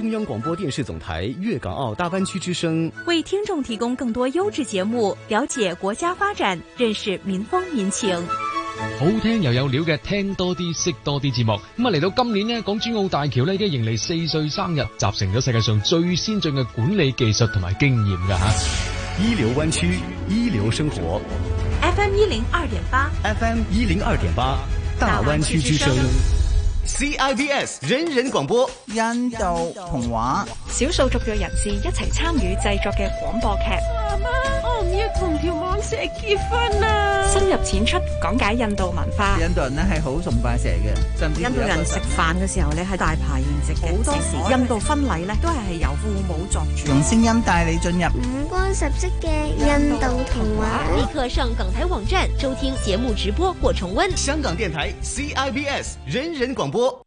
中央廣播電視總台粵港澳大灣區之聲，為聽眾提供更多優質節目，了解國家發展，認識民風民情。好聽又有料嘅，聽多啲，識多啲節目。咁啊，嚟到今年呢，港珠澳大橋呢已經迎嚟四歲生日，集成咗世界上最先進嘅管理技術同埋經驗噶吓。一流灣區，一流生活。FM 一零二點八，FM 一零二點八，大灣區之聲。CIBS 人人廣播，印度童話，少數族裔人士一齊參與製作嘅廣播劇。媽媽我同條蟒蛇結婚啊！深入淺出講解印度文化。印度人呢係好崇拜蛇嘅，印度人食飯嘅時候，你係大排筵席嘅。好多時印度婚禮呢都係係由父母作主。用聲音帶你進入五光十色嘅印度童話。立刻上港台網站收聽節目直播或重溫。香港電台 CIBS 人人廣播。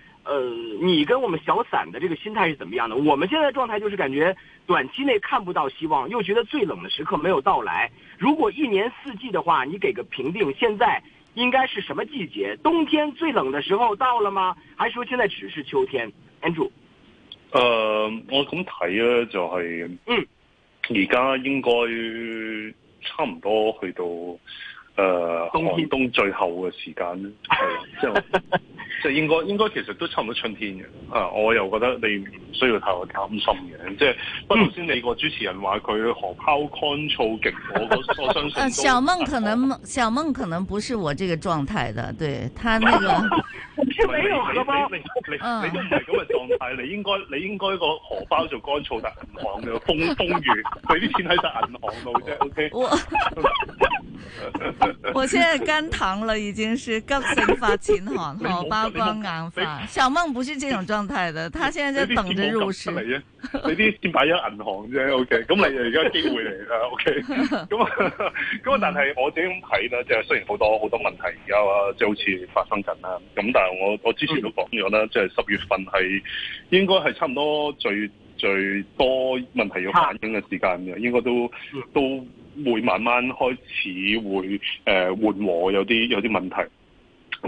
呃，你跟我們小散的這個心態是怎麼樣的？我們現在的狀態就是感覺短期內看不到希望，又覺得最冷的時刻沒有到來。如果一年四季的話，你給個評定，現在應該是什麼季節？冬天最冷的時候到了嗎？還是說現在只是秋天？安住。呃，我咁睇呢，就係嗯，而家應該差唔多去到，呃，冬天寒冬最後嘅時間 即係應該應該其實都差唔多春天嘅，啊我又覺得你唔需要太過擔心嘅，即係不頭先你個主持人話佢荷包乾燥極，我我相信 小孟。小孟可能小孟可能不是我這個狀態的，對，他那個。 沒有噶嘛？ 你你，你，你，你都唔係咁嘅狀態 你，你應該你應該個荷包就乾燥，但銀行就風風雨，俾啲錢喺晒銀行度啫，OK 我。我現在乾糖喇，已經係急性發錢寒荷包。 光啊！小夢不是這種狀態嘅， 他現在在等着入市。你啲先擺咗銀行啫，OK？咁 你而家機會嚟啦，OK？咁啊，咁啊，但係我自己咁睇啦，即係雖然好多好多問題而家啊，即係好似發生緊啦。咁但係我我之前都講咗啦，即係十月份係應該係差唔多最最多問題要反映嘅時間嘅，應該都都會慢慢開始會誒緩和有啲有啲問題。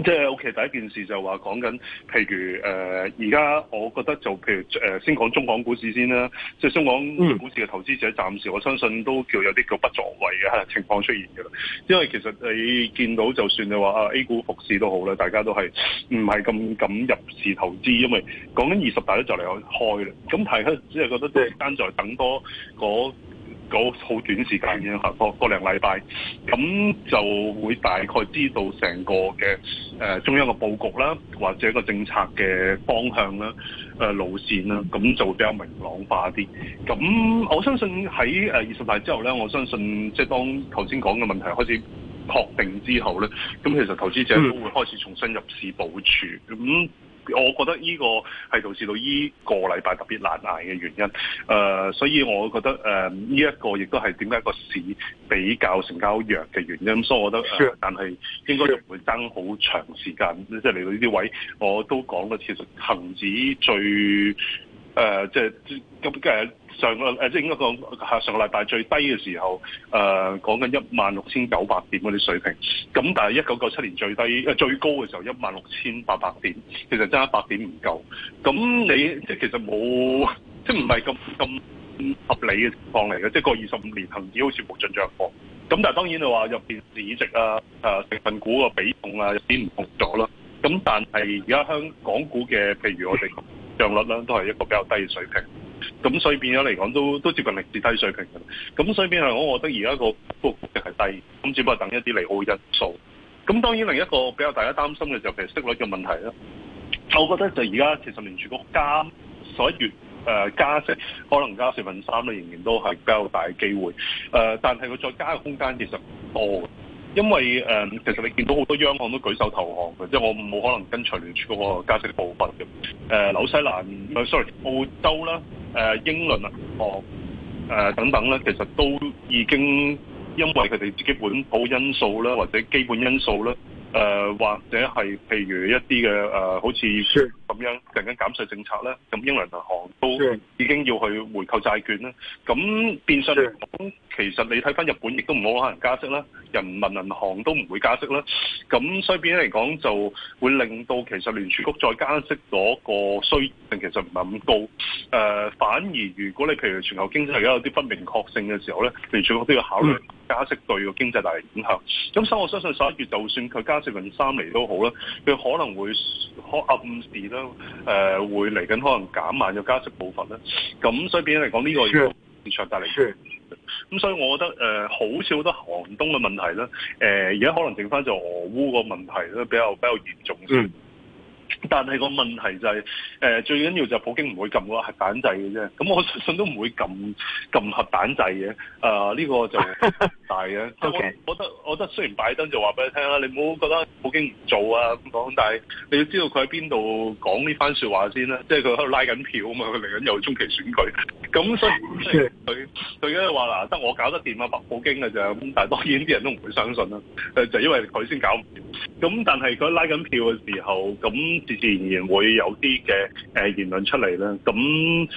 即係，OK。第一件事就話講緊，譬如誒，而家我覺得就譬如誒，先講中港股市先啦。即係香港股市嘅投資者，暫時我相信都叫有啲叫不作為嘅情況出現嘅啦。因為其實你見到，就算你話啊 A 股復市都好啦，大家都係唔係咁敢入市投資，因為講緊二十大咧就嚟開啦。咁大家只係覺得即係單在等多嗰。好、嗰個、短時間，個個零禮拜，咁就會大概知道成個嘅誒、呃、中央嘅佈局啦，或者一個政策嘅方向啦、呃、路線啦，咁就比較明朗化啲。咁我相信喺誒二十大之後咧，我相信、呃、我相信即當頭先講嘅問題開始確定之後咧，咁其實投資者都會開始重新入市部署。咁。我覺得呢個係導致到呢個禮拜特別難捱嘅原因，誒，所以我覺得誒，呢一個亦都係點解個市比較成交弱嘅原因，所以我覺得、呃，但係應該唔會爭好長時間，即係嚟到呢啲位，我都講過，其實恆指最。誒、呃，即係咁誒，上個誒即係應該講上個禮拜最低嘅時候，誒講緊一萬六千九百點嗰啲水平。咁但係一九九七年最低最高嘅時候一萬六千八百點，其實爭一百點唔夠。咁你即係其實冇，即係唔係咁咁合理嘅情況嚟嘅。即係過二十五年恒指好似冇進賬過。咁但係當然你話入邊市值啊，誒、啊、成份股嘅比重啊有啲唔同咗啦。咁但係而家香港股嘅，譬如我哋。上率咧都係一個比較低嘅水平，咁所以變咗嚟講都都接近歷史低水平嘅。咁所以變係我覺得而家個幅係低，咁只不過等一啲利好因素。咁當然另一個比較大家擔心嘅就係息率嘅問題啦。我覺得就而家其實連住個加十一月誒、呃、加息可能加四分三咧，仍然都係比較大嘅機會。誒、呃，但係佢再加嘅空間其實唔多。因為、呃、其實你見到好多央行都舉手投降嘅，即係我冇可能跟隨住嗰個加息的步伐嘅。誒、呃、紐西蘭、呃、sorry 澳洲啦、呃、英倫銀行、呃、等等咧，其實都已經因為佢哋自己本土因素啦，或者基本因素啦，誒、呃、或者係譬如一啲嘅誒好似咁、sure. 樣突然間減稅政策咧，咁英倫銀行都已經要去回購債券啦。咁變相嚟講其實你睇翻日本，亦都唔好可能加息啦，人民銀行都唔會加息啦。咁所以變咗嚟講，就會令到其實聯儲局再加息嗰個需求其實唔係咁高、呃。反而如果你譬如全球經濟而家有啲不明確性嘅時候咧，聯儲局都要考慮加息對個經濟帶嚟影響。咁所以我相信十一月就算佢加息零點三厘都好啦，佢可能會可暗示啦誒，會嚟緊可能減慢咗加息步伐呢。咁所以變咗嚟講，呢個要。市場帶嚟。咁所以，我覺得誒、呃、好少得寒冬嘅問題啦。誒而家可能剩翻就俄烏個問題咧，比較比較嚴重。但係個問題就係、是，誒、呃、最緊要就係普京唔會撳個核彈掣嘅啫。咁我相信都唔會撳撳核彈掣嘅。呃這個、的 啊，呢個就大嘅。我覺得我覺得雖然拜登就話俾你聽啦，你唔好覺得普京唔做啊咁講，但係你要知道佢喺邊度講呢番説話先啦。即係佢喺度拉緊票啊嘛，佢嚟緊又中期選舉。咁所以佢佢嗰啲話嗱，得、 呃、我搞得掂啊，白普京嘅就咁。但係當然啲人都唔會相信啦、呃。就因為佢先搞唔掂。咁但係佢拉緊票嘅時候，咁。自然而然會有啲嘅誒言論出嚟呢，咁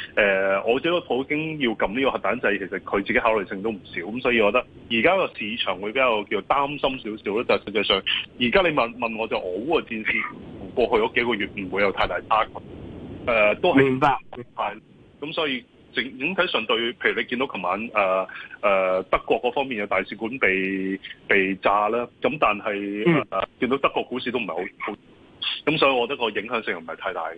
我覺得普京要撳呢個核彈掣，其實佢自己考慮性都唔少，咁所以我覺得而家個市場會比較叫擔心少少咯。就係、實際上，而家你問問我就，俄烏嘅戰事過去嗰幾個月唔會有太大差、呃，都係明白，咁所以整整體上對，譬如你見到琴晚、呃呃、德國嗰方面嘅大使館被被炸啦，咁但係見、呃嗯、到德國股市都唔係好好。咁所以，我覺得個影響性又唔係太大嘅。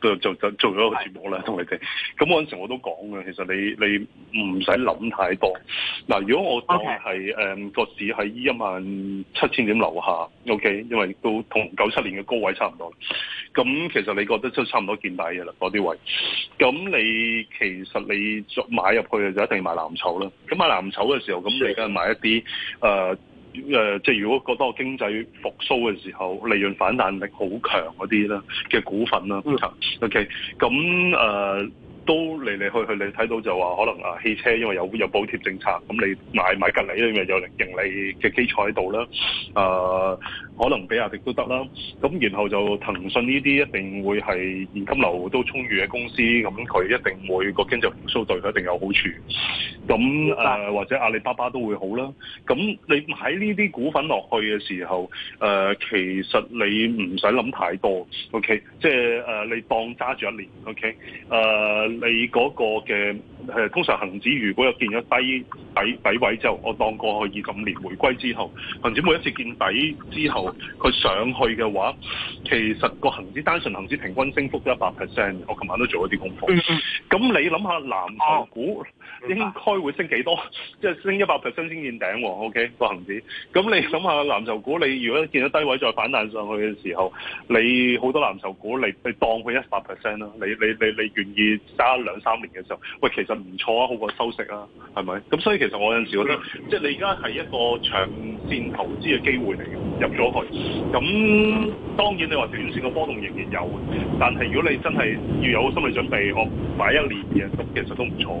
就就做咗個節目啦，同你哋。咁嗰陣時我都講嘅，其實你你唔使諗太多。嗱，如果我當係誒個市喺一萬七千點樓下，OK，因為都同九七年嘅高位差唔多。咁其實你覺得都差唔多見底嘅啦，嗰啲位。咁你其實你買入去就一定要買藍籌啦。咁買藍籌嘅時候，咁你梗係買一啲誒。誒，即係如果覺得我經濟復蘇嘅時候，利潤反彈力好強嗰啲啦嘅股份啦、嗯，OK，咁誒。Uh 都嚟嚟去去，你睇到就話可能啊，汽車因為有有補貼政策，咁你買買吉利因為有盈利嘅基礎喺度啦，啊、呃，可能比亞迪都得啦，咁然後就騰訊呢啲一定會係現金流都充裕嘅公司，咁佢一定會個經濟復甦對佢一定有好處，咁誒、呃、或者阿里巴巴都會好啦，咁你買呢啲股份落去嘅時候，誒、呃、其實你唔使諗太多，OK，即係誒、呃、你當揸住一年，OK，誒、呃。你嗰個嘅通常恒指，如果有見咗低底底位之後，我當過去二十五年回歸之後，恒指每一次見底之後，佢上去嘅話，其實個恒指單純恒指平均升幅都一百 percent。我琴晚都做咗啲功課。咁、嗯嗯、你諗下藍籌股，應該會升幾多？即係升一百 percent 先見頂喎。OK，個恆指。咁你諗下藍籌股，你如果見到低位再反彈上去嘅時候，你好多藍籌股，你你當佢一百 percent 啦。你你你你願意揸兩三年嘅時候，喂，其實唔錯啊，好過收息啊，係咪？咁所以其實我有陣時覺得，即係你而家係一個長線投資嘅機會嚟嘅，入咗去。咁當然你話短線嘅波動仍然有，但係如果你真係要有心理準備，我買一年嘅，咁其實都唔錯。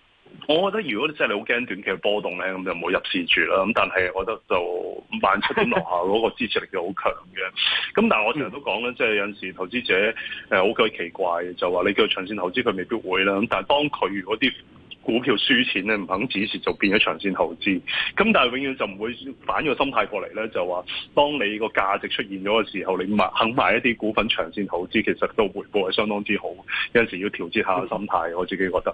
我覺得，如果真係你好驚短期嘅波動咧，咁就唔好入市住啦。咁但係，我覺得就慢出跟下萬七點落下嗰個支持力就好強嘅。咁 但係，我經常都講咧，即係有陣時投資者誒好鬼奇怪，就話你叫做長線投資佢未必會啦。咁但係，當佢如果啲股票輸錢咧，唔肯止蝕，就變咗長線投資。咁但係永遠就唔會反個心態過嚟咧，就話當你個價值出現咗嘅時候，你買肯買一啲股份長線投資，其實都回報係相當之好。有陣時要調節一下心態，我自己覺得。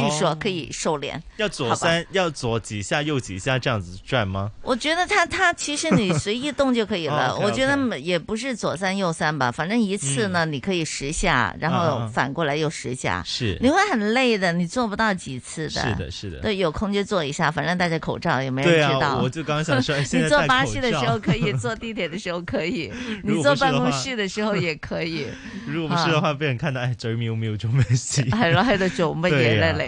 據說可以瘦臉，要左三要左幾下右幾下這樣子轉嗎？我覺得他他，其實你隨意動就可以了。 啊、okay, okay. 我覺得也不是左三右三吧，反正一次呢你可以十下，嗯、然後反過來又十下。是、啊，你會很累的，你做不到幾次的。是的，是的。對，有空就做一下，反正戴着口罩也沒人知道。啊、我就剛剛想說， 你坐巴士的時候可以，坐地鐵的時候可以， 你坐辦公室的時候也可以。如果不是的話， 的話 被人看到哎，做咩？有冇做。咩 事、啊？係咯，喺度做乜嘢咧？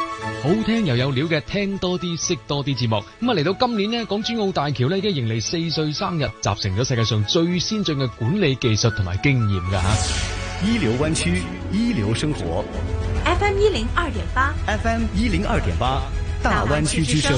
好聽又有料嘅聽多啲識多啲節目，咁啊嚟，到今年呢，港珠澳大橋呢已經迎嚟四歲生日，集成咗世界上最先進嘅管理技術同埋經驗噶吓，一流灣區，一流生活。F M 一零二點八，F M 一零二點八，8, 大灣區之聲。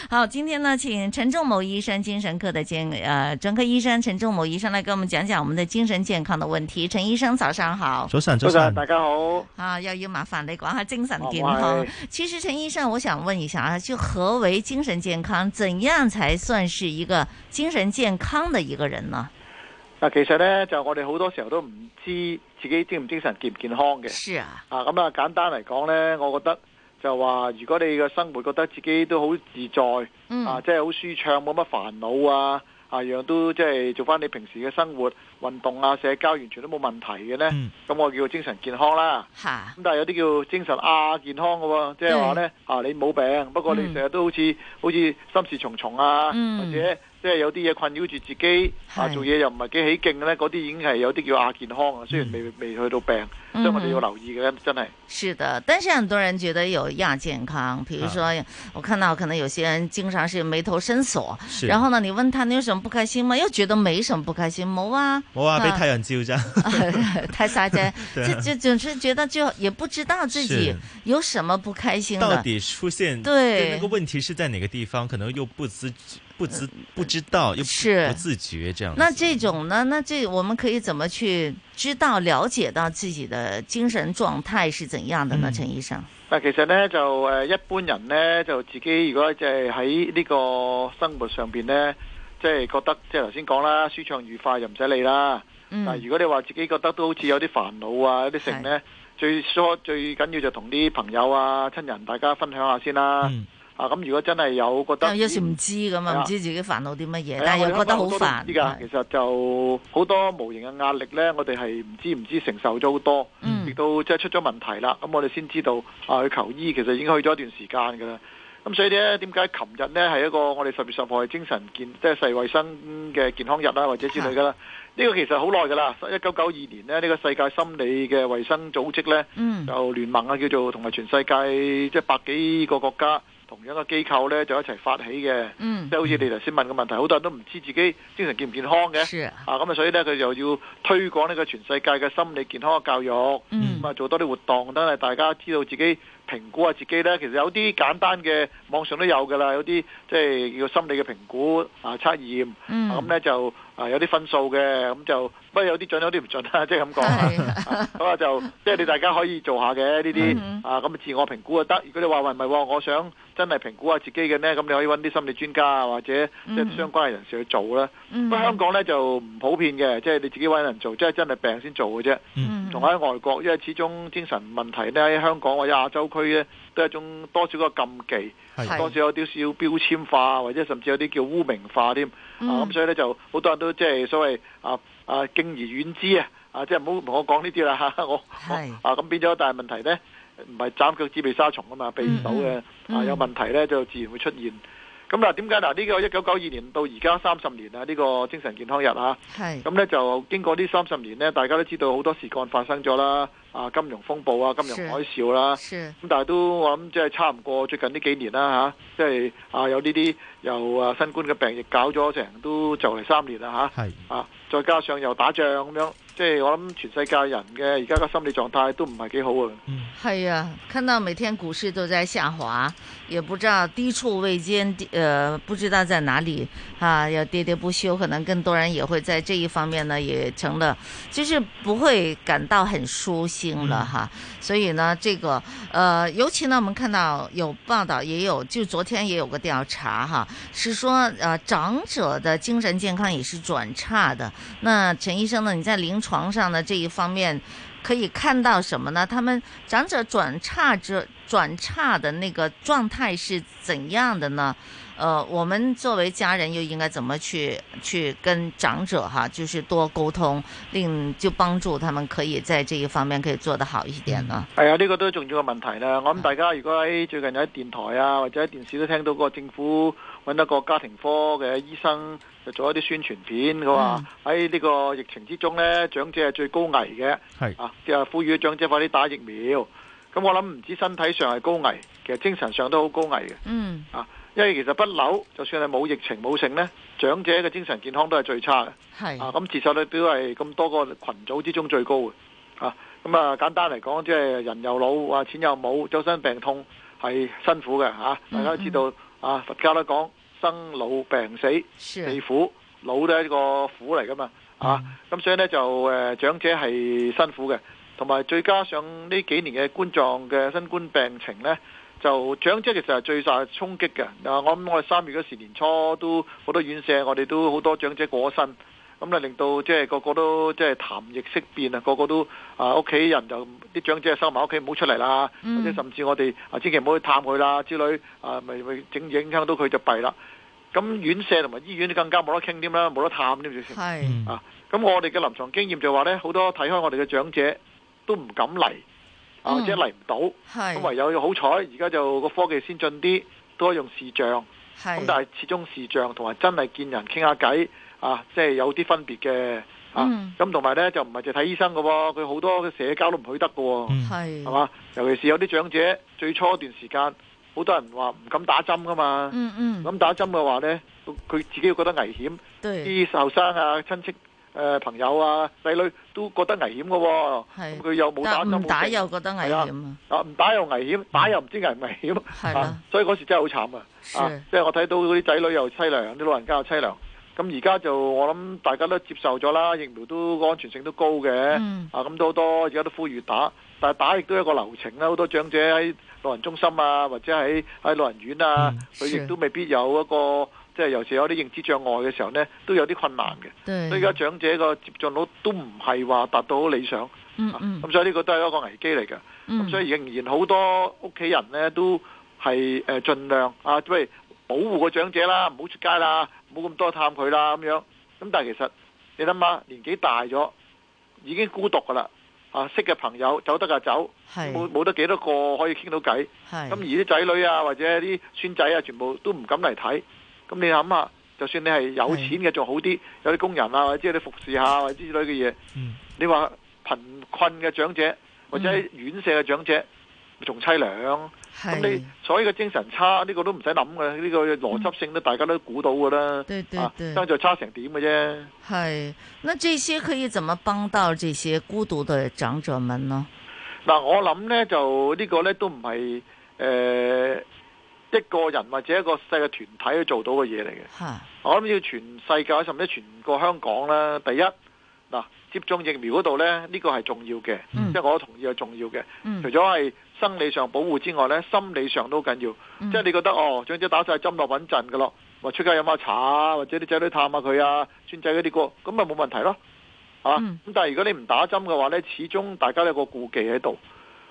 好，今天呢，請陳仲謀醫生，精神科的健呃專科醫生陳仲謀醫生來跟我們講講我們的精神健康的問題。陳醫生，早上好。早晨，早晨，大家好。啊，又要麻煩你講下精神健康。哦、其實，陳醫生，我想問一下啊，就何為精神健康？怎樣才算是一個精神健康的一個人呢？啊，其實呢，就我哋好多時候都唔知自己精唔精神健唔健康嘅。是啊。啊，咁、嗯、啊，簡單嚟講呢，我覺得。就話如果你嘅生活覺得自己都好自在、嗯，啊，即係好舒暢，冇乜煩惱啊，啊，一樣都即係做翻你平時嘅生活、運動啊、社交，完全都冇問題嘅呢。咁、嗯、我叫精神健康啦。咁但係有啲叫精神亞、啊、健康嘅、啊、喎，即係話呢、嗯，啊，你冇病，不過你成日都好似、嗯、好似心事重重啊，嗯、或者即係有啲嘢困擾住自己，嗯、啊，做嘢又唔係幾起勁呢。嗰啲已經係有啲叫亞健康啊。雖然未、嗯、未去到病。我哋留意嘅，真 係、嗯。是的，但是很多人覺得有亞健康，比如說、啊、我看到可能有些人經常是眉頭深鎖，然後呢，你問他你有什麼不開心嗎？又覺得沒什麼不開心，冇啊，冇啊，啊，被太陽照着、啊，太晒啫、 啊，就就總是覺得就也不知道自己有什麼不開心，到底出現對那個問題是在哪個地方，可能又不知。不知不知道，又不自覺是這樣，那這種呢？那這我們可以怎麼去知道、了解到自己的精神狀態是怎樣的呢？陳醫生，嗱，其實呢，就誒，一般人呢，就自己如果即係喺呢個生活上邊呢，即係覺得即係頭先講啦，舒暢愉快又唔使理啦。但如果你話自己覺得都好似有啲煩惱啊，有啲成呢，最初最緊要就同啲朋友啊、親人大家分享下先啦。嗯啊，咁如果真係有覺得，有時唔知咁啊，唔知自己煩惱啲乜嘢，但係又覺得好煩。其實就好多無形嘅壓力咧，我哋係唔知唔知承受咗好多，亦、嗯、都即係出咗問題啦。咁我哋先知道啊，去求醫，其實已經去咗一段時間噶啦。咁所以咧，點解琴日呢係一個我哋十月十號係精神健，即係世衛生嘅健康日啦，或者之類噶啦？呢、這個其實好耐噶啦，一九九二年呢，呢、這個世界心理嘅衛生組織咧、嗯，就聯盟啊，叫做同埋全世界即係、就是、百幾個國家。同樣嘅機構呢就一齊發起嘅，即係好似你頭先問嘅問題，好多人都唔知自己精神健唔健康嘅。啊咁啊所以呢佢就要推廣呢個全世界嘅心理健康嘅教育，咁啊做多啲活動，等啊大家知道自己評估下自己呢，其實有啲簡單嘅網上都有㗎喇，有啲即係要心理嘅評估啊測驗，咁呢就啊有啲分數嘅，咁就。 不過有啲準有啲唔準啦，即係咁講啊！咁啊就即係你大家可以做下嘅呢啲啊，咁自我評估就得。如果你話話唔係，我想真係評估下自己嘅呢，咁你可以揾啲心理專家啊，或者即係相關嘅人士去做啦。不過 mm-hmm. 香港呢，就唔普遍嘅，即係你自己揾人做，即係真係病先做嘅啫。同喺 mm-hmm. 外國，因為始終精神問題呢，喺香港或者亞洲區呢，都係一種多少個禁忌，多少有啲少標籤化，或者甚至有啲叫污名化添啊，咁所以呢，就好多人都即係所謂啊～啊，敬而遠之啊！啊，即係唔好同我講呢啲啦嚇，我啊咁變咗大問題呢，唔係斬腳趾避沙蟲啊嘛，避唔到嘅、嗯嗯嗯嗯、啊，有問題呢，就自然會出現。咁、啊、嗱，點解嗱呢、呢個一九九二年到而家三十年啊？呢、呢個精神健康日啊，咁呢、啊、就經過呢三十年呢，大家都知道好多事幹發生咗啦。啊，金融風暴啊，金融海嘯啦，咁但係都我諗即係差唔過最近呢幾年啦吓，即係啊有呢啲又啊新冠嘅病疫搞咗成都就嚟三年啦嚇，啊。再加上又打仗咁樣。即係我諗全世界人嘅而家個心理狀態都唔係幾好啊。嗯，係啊，看到每天股市都在下滑，也不知道低處未見，呃，不知道在哪裏啊，要跌跌不休，可能更多人也會在這一方面呢，也成了，就是不會感到很舒心了哈，啊。所以呢，這個，呃，尤其呢，我們看到有報道，也有，就昨天也有個調查哈，啊，是說，呃，啊，長者的精神健康也是轉差的。那陳醫生呢，你在臨床床上的這一方面，可以看到什麼呢？他們長者轉差，者轉差的那個狀態是怎樣的呢？呃，我們作為家人又應該怎麼去去跟長者哈，就是多溝通，令就幫助他們可以在這一方面可以做得好一點呢？哎呀，呢個都重要嘅問題呢。我諗大家如果喺最近有喺電台啊或者喺電視都聽到個政府。揾一個家庭科嘅醫生，就做一啲宣傳片，佢話喺呢個疫情之中呢，長者係最高危嘅。係啊，即係呼籲長者快啲打疫苗。咁我諗唔止身體上係高危，其實精神上都好高危嘅。嗯啊，因為其實不嬲，就算係冇疫情冇性呢，長者嘅精神健康都係最差嘅。係啊，咁接受率都係咁多個群組之中最高嘅。啊，咁啊，啊簡單嚟講，即係人又老，話錢又冇，周身病痛，係辛苦嘅嚇、啊。大家都知道。嗯嗯啊，佛家都講生老病死、死苦，老都係一個苦嚟噶嘛，啊，咁、嗯啊、所以呢，就誒、呃、長者係辛苦嘅，同埋再加上呢幾年嘅冠狀嘅新冠病情呢，就長者其實係最受衝擊嘅。嗱、嗯，我諗我哋三月嗰時年初都好多院舍，我哋都好多長者過咗身。咁、嗯、咧令到即係個個都即係談疫色變啊！個個都啊，屋企人就啲長者收埋屋企唔好出嚟啦、嗯，或者甚至我哋啊，千祈唔好去探佢啦之類啊，咪咪整影響到佢就弊啦。咁院舍同埋醫院更加冇得傾添啦，冇得探添。嘅先。啊！咁我哋嘅臨床經驗就話呢，好多睇開我哋嘅長者都唔敢嚟，或者嚟唔到。咁、嗯、唯有好彩，而家就個科技先進啲，都可以用視像。咁，但係始終視像同埋真係見人傾下偈。聊聊啊，即係有啲分別嘅啊，咁同埋咧就唔係淨睇醫生嘅、哦，佢好多社交都唔去得㗎喎，係嘛？尤其是有啲長者，最初一段時間，好多人話唔敢打針噶嘛。嗯嗯。咁打針嘅話咧，佢自己會覺得危險，啲後生啊、親戚、朋友啊、仔女都覺得危險嘅、哦。喎。咁佢又冇打針，打又覺得危險啊！唔打又危險，啊、打又唔知危險。係啦、啊啊。所以嗰時真係好慘啊，啊！啊，即係我睇到嗰啲仔女又淒涼，啲老人家又淒涼。咁而家就我諗大家都接受咗啦，疫苗都安全性都高嘅、嗯，啊咁都好多而家都呼籲打，但係打亦都有一個流程啦，好多長者喺老人中心啊，或者喺喺老人院啊，佢、嗯、亦都未必有一個，即係尤其有啲認知障礙嘅時候呢，都有啲困難嘅，所以而家長者個接種率都唔係話達到好理想，咁、嗯嗯啊、所以呢個都係一個危機嚟嘅，咁、嗯、所以仍然好多屋企人呢，都係、呃、盡量啊，即係保護個長者啦，唔好出街啦，唔好咁多探佢啦咁樣。咁但係其實你諗下，年紀大咗已經孤獨㗎啦。啊，識嘅朋友走得嘅走，冇冇得幾多個可以傾到偈。咁而啲仔女啊，或者啲孫仔啊，全部都唔敢嚟睇。咁你諗下，就算你係有錢嘅仲好啲，有啲工人啊或者啲服侍下或者之類嘅嘢、嗯。你話貧困嘅長者或者喺院舍嘅長者，仲、嗯、淒涼。咁你所以個精神差呢、這個都唔使諗嘅，呢、這個邏輯性都大家都估到㗎啦、嗯。啊，相對，對，對差成點嘅啫。係，那這些可以怎麼幫到這些孤獨的長者們呢？嗱，我諗呢就呢個呢都唔係誒一個人或者一個細嘅團體去做到嘅嘢嚟嘅。我諗要全世界甚至全個香港咧，第一嗱、啊、接種疫苗嗰度呢，呢、這個係重要嘅，即、嗯、係、就是、我同意係重要嘅、嗯。除咗係生理上保護之外呢，心理上都好緊要。嗯、即係你覺得哦，長者打晒針落穩陣㗎咯，或出街飲下茶啊，或者啲仔女探下佢啊，孫仔嗰啲個，咁咪冇問題咯，嚇。咁但係如果你唔打針嘅話呢，始終大家有個顧忌喺度。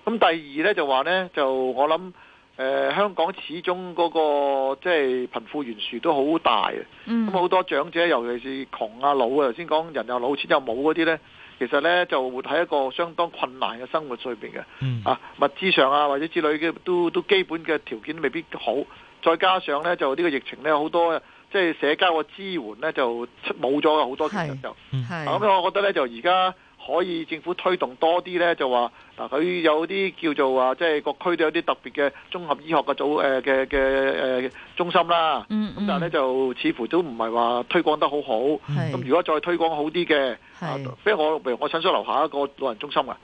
咁第二呢，就話呢，就我諗誒、呃、香港始終嗰、那個即係、就是、貧富懸殊都好大啊。咁、嗯、好多長者，尤其是窮啊老啊，頭先講人又老，錢又冇嗰啲呢。其實咧就活喺一個相當困難嘅生活上面嘅，嗯、啊物資上啊或者之類嘅都都基本嘅條件未必好，再加上咧就呢個疫情咧好多即係社交嘅支援咧就冇咗好多，其實就咁、啊、我覺得咧就而家。可以政府推動多啲呢，就話嗱，佢、啊、有啲叫做話，即、啊、係、就是、各區都有啲特別嘅綜合醫學嘅組嘅嘅、呃呃、中心啦。咁、嗯嗯、但係呢，就似乎都唔係話推廣得好好。咁、嗯、如果再推廣好啲嘅，譬、啊、如我譬如我診所樓下一個老人中心啊，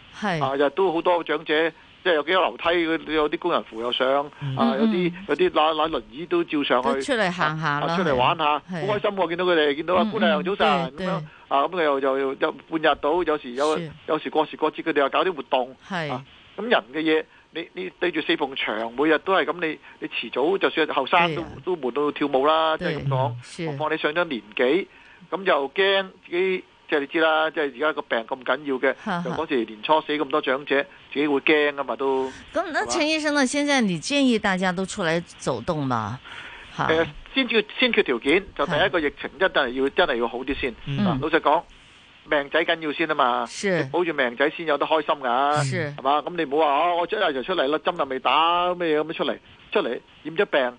啊都好多長者。即係有幾個樓梯，有啲工人扶又上，嗯、啊有啲有啲輪椅都照上去，出嚟行下出嚟玩下，好開心、啊。我見到佢哋，見到阿、啊、姑娘又早晨咁樣，啊咁佢又又又，又半日到，有時有有時過時過節佢哋又搞啲活動，咁、啊、人嘅嘢，你你，你對住四埲牆，每日都係咁，你你遲早就算後生都都悶到跳舞啦，即係咁講，何況你上咗年紀，咁又驚自己，即係你知啦，即係而家個病咁緊要嘅，就嗰時年初死咁多長者。你會驚噶嘛？都咁，咁陳醫生呢？現在你建議大家都出嚟走動嘛？誒、呃，先決先決條件，就第一個疫情一定係要真係要好啲先。嗱、嗯，老實講，命仔緊要先啊嘛！保住命仔先有得開心㗎、啊，係嘛？咁、嗯、你唔好話我今日就出嚟啦，針又未打，咩咁樣出嚟？出嚟染咗病，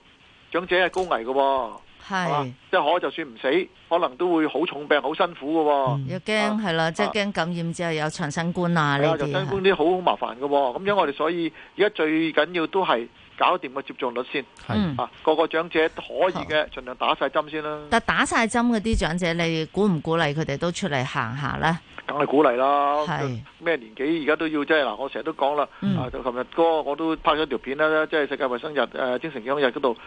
長者係高危嘅喎、哦。係，即係可就算唔死，可能都會好重病、好辛苦嘅，哦。又驚係啦，即係驚感染之後有長新冠啊呢啲。長新冠啲好麻煩嘅，哦，咁、嗯、樣我哋所以而家最緊要都係搞掂個接種率先。係、嗯、啊，個個長者都可以嘅，盡量打晒針先啦。但係打晒針嗰啲長者，你鼓唔鼓勵佢哋都出嚟行下咧？梗係鼓勵啦。係咩年紀而家都要即係嗱？我成日都講啦。嗯。啊、就琴日嗰個我都拍咗條片啦，即係世界衛生日誒，精神健康日嗰度。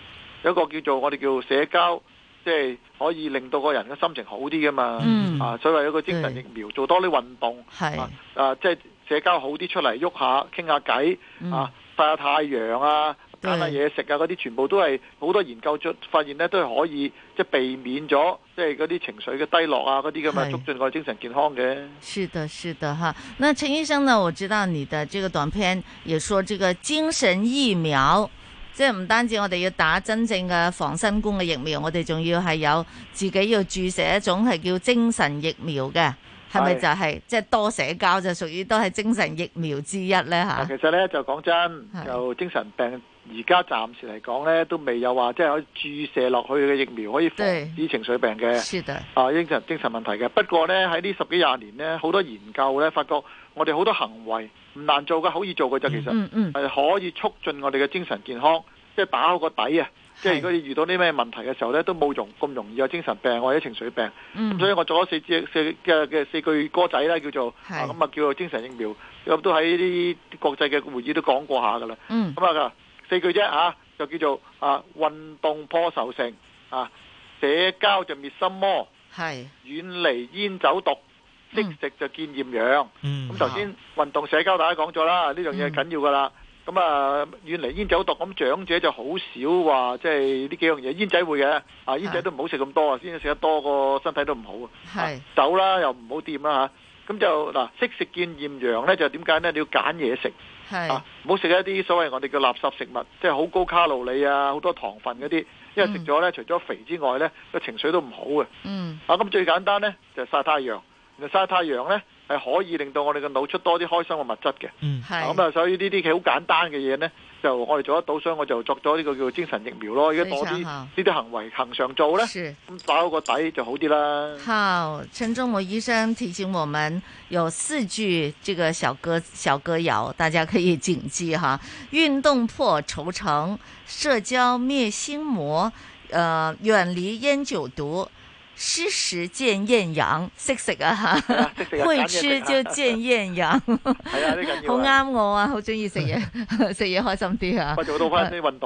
有一個叫做我哋叫社交，即係可以令到個人嘅心情好啲噶嘛，嗯，啊，所以有一個精神疫苗，做多啲運動，啊，啊，即係社交好啲出嚟喐下，傾下偈，啊，曬下太陽啊，揀下嘢食啊，嗰啲全部都係好多研究出發現呢都係可以即係避免咗即係嗰啲情緒嘅低落啊，嗰啲噶嘛，促進個精神健康嘅。是的，是的，哈,那陳醫生呢？我知道你的這個短片也說這個精神疫苗。即係唔單止我哋要打真正嘅防新冠嘅疫苗，我哋仲要係有自己要注射一種係叫精神疫苗嘅，係咪就係、是、即係多社交就屬於都係精神疫苗之一咧？嚇！其實咧就講真，就精神病而家暫時嚟講咧都未有話即係可以注射落去嘅疫苗可以防啲情緒病嘅，啊，精神，精神問題嘅。不過咧喺呢在十幾廿年咧好多研究咧發覺。我哋好多行為唔難做嘅，好易做嘅。咋，其實係可以促進我哋嘅精神健康，即係打好個底啊！即係如果你遇到啲咩問題嘅時候咧，都冇容咁容易有精神病或者情緒病。咁、嗯、所以我做咗四四嘅嘅四句歌仔呢，叫做咁啊，叫做精神疫苗，都喺啲國際嘅會議都講過下噶啦。咁、嗯、啊，四句啫、啊、就叫做啊，運動破愁城，啊，社交、啊、就滅心魔，係遠離煙酒毒。識食就見艷陽。咁頭先運動社交，大家講咗啦，呢樣嘢係緊要噶啦。咁啊，遠離煙酒毒。咁長者就好少話，即係呢幾樣嘢。煙仔會嘅，啊煙仔都唔好食咁多啊，煙仔食得多個身體都唔好啊。酒啦又唔好掂啦吓。咁就嗱，識食見艷陽咧，就點解咧？你要揀嘢食，啊唔好食一啲所謂我哋叫垃圾食物，即係好高卡路里啊，好多糖分嗰啲。因為食咗咧，除咗肥之外咧，個情緒都唔好嘅。嗯啊，咁最簡單咧就係晒太陽。晒太陽咧，係可以令到我哋嘅腦出多啲開心嘅物質嘅。嗯，係、嗯。咁啊，所以呢啲佢好簡單嘅嘢咧，就我哋做得到，所以我就作咗呢個叫精神疫苗咯。如果多啲呢啲行為恒常做咧，打好個底就好啲啦。好，陳仲謀醫生提醒我們有四句這個小歌小歌謠，大家可以謹記哈：運動破愁城，社交滅心魔，呃，遠離煙酒毒。識食見艷陽，識食啊吓，啊啊，會吃就見艷陽，啊好啱，啊啊啊啊，我啊， 好中意食嘢，食嘢開心啲啊。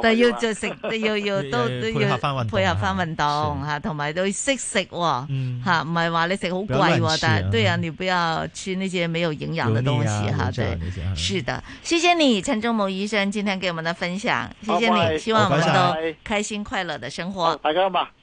但係要就食，要要都都要配合翻運動，吓，同埋，啊，都識食，吓唔係話你食好貴喎，但係對啊，啊，你不要吃那些沒有營養的東西哈，對，是的，謝謝你陳仲謀，醫生今天給我們的分享，謝謝你，希望我們都開心快樂的生活，大家嘛。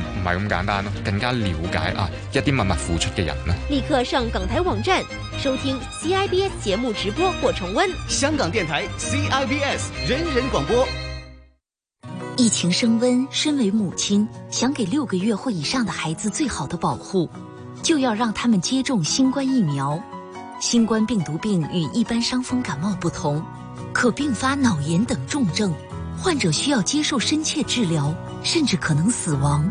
唔係咁簡單咯，更加了解啊一啲默默付出嘅人呢，立刻上港台網站收聽 CIBS 節目直播或重温。香港電台 CIBS 人人廣播。疫情升温，身為母親，想給六個月或以上的孩子最好的保護，就要讓他們接種新冠疫苗。新冠病毒病與一般傷風感冒不同，可併發腦炎等重症，患者需要接受深切治療，甚至可能死亡。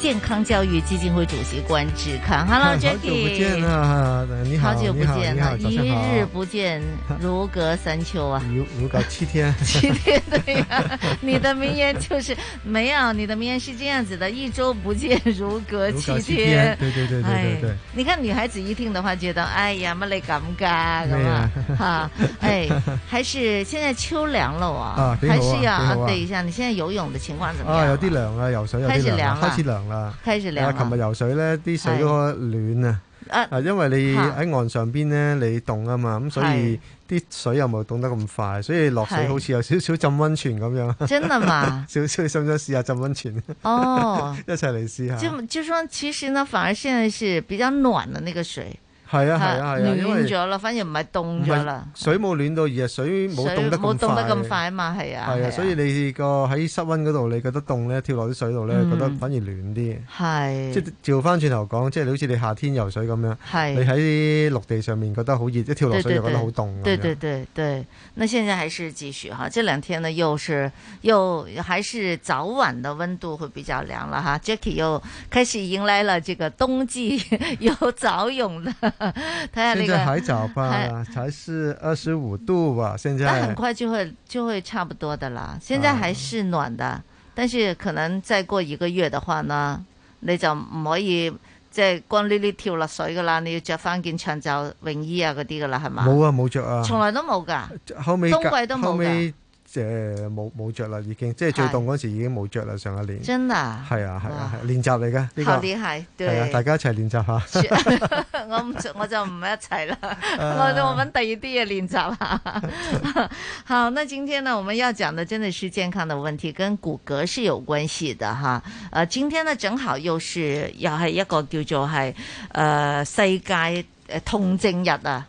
健康教育基金會主席關志康，Hello Jackie，好久不見啊，你好，好啊、你好，你好，你好，好久不見，一日不見如隔三秋啊，如如隔七天， 七天，對呀、啊，你的名言就是 沒有，你的名言是這樣子的，一周不見如隔，如隔七天，對對對對、哎、對對對對。你看女孩子一聽的話，覺得哎呀，乜你咁尷尬，對呀、啊，哈，哎，還是現在秋涼了啊，啊啊還是要、啊啊啊、等一下，你現在游泳的情況怎麼樣啊？啊，有啲、啊啊、涼啊，有啲開始涼了。啊！啊，琴日游水咧，啲水都暖啊，啊，因為你喺岸上邊咧，你凍啊嘛，咁所以啲水又冇凍得咁快，所以落水好似有少少浸溫泉咁樣。真係嘛？少少，你想唔想試下浸溫泉？哦， 一齊嚟試下。就就算其實呢，反而現在係比較暖嘅那個水。係啊係啊係啊，暖咗啦，反而唔係凍咗啦。水冇暖到，而係水冇凍得咁快。冇凍得咁快啊嘛，係啊。係啊，啊，啊，所以你個喺室溫嗰度，你覺得凍咧，跳落啲水度咧，覺得反而暖啲。係、嗯。即係照翻轉頭講，即係你好似你夏天游水咁樣，你喺陸地上面覺得好熱，一跳落水就覺得好凍。對對對對，那現在還是繼續哈，這兩天呢又是又還是早晚的溫度會比較涼了。吓 Jacky 又開始迎來了這個冬季有 早泳了。睇下呢個海早吧，哎，才是二十五度吧。現在，但很快就會就會差不多的啦。現在還是暖的，啊，但是可能再過一個月的話呢，你就唔可以即係光溜溜跳落水噶啦，你要着翻件長袖泳衣啊嗰啲噶啦，係嘛？冇啊，冇着啊，從來都冇噶。後尾冬季都冇噶。即係冇冇著啦，已經即係最凍嗰時已經冇着啦。上一年真啊，係啊係啊係，練習嚟㗎呢啲係啊，大家一齊練習下， 我唔，我就唔一齊啦。我我揾第二啲嘢練習啦。好，那今天呢，我們要講的真的是健康的問題，跟骨骼是有關係的哈。呃，今天呢，正好又是又係一個叫做係，呃，世界誒痛症日啊。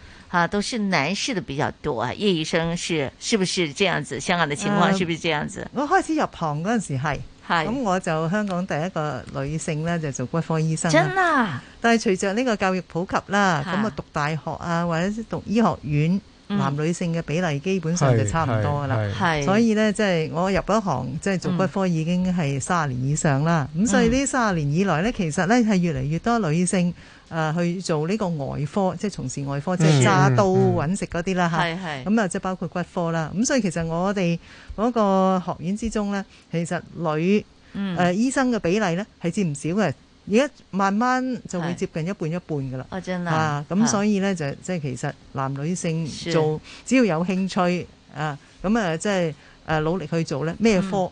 啊，都是男士的比較多，葉醫生是是不是這樣子？香港的情況是不是這樣子？啊、我開始入行嗰陣時係，係咁我就香港第一個女性呢，就做骨科醫生。真的啊！但係隨着呢個教育普及啦，咁啊讀大學啊或者讀醫學院，嗯、男女性嘅比例基本上就差唔多噶啦。所以呢，即、就、係、是、我入咗行即係、就是、做骨科已經係三十年以上啦。咁、嗯、所以呢三十年以來呢，其實呢係越嚟越多女性。誒、呃、去做呢個外科，即係從事外科，即係揸刀揾食嗰啲啦吓，係係。咁啊，即係、嗯、包括骨科啦。咁所以其實我哋嗰個學院之中咧，其實女誒、嗯呃、醫生嘅比例咧係佔唔少嘅。而家慢慢就會接近一半一半㗎啦。啊，真係啊、咁、啊、所以咧就即係其實男女性做，只要有興趣啊，咁啊即係誒努力去做咧，咩科？嗯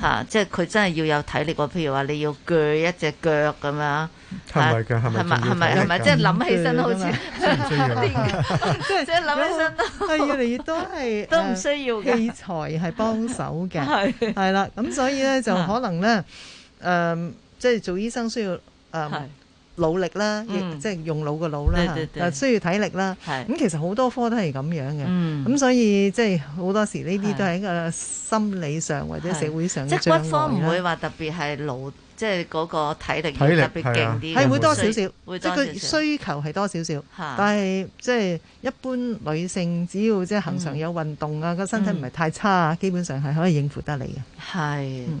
嚇、啊！即係佢真係要有體力個，譬如話你要鋸一隻腳咁、啊、樣，係咪？係咪？係咪？係咪？即係諗起身好似，即係諗起身都係越嚟越多係都唔需要、啊、器材係幫手嘅，係 啦是的。咁 所以咧就可能咧，誒、 嗯，即、就、係、是、做醫生需要誒。嗯努力啦，亦、嗯、即係用腦嘅腦啦，需要體力啦，咁其實好多科都係咁樣嘅，咁、嗯、所以即係好多時呢啲都係一個心理上或者社會上嘅障礙。即骨科唔會話特別係腦，即係嗰個體力特別勁啲，係、啊、會,多,會多,多少少，即佢需求係多少少，但係即係一般女性只要即係行常有運動啊，個、嗯、身體唔係太差、嗯，基本上係可以應付得嚟嘅。係。嗯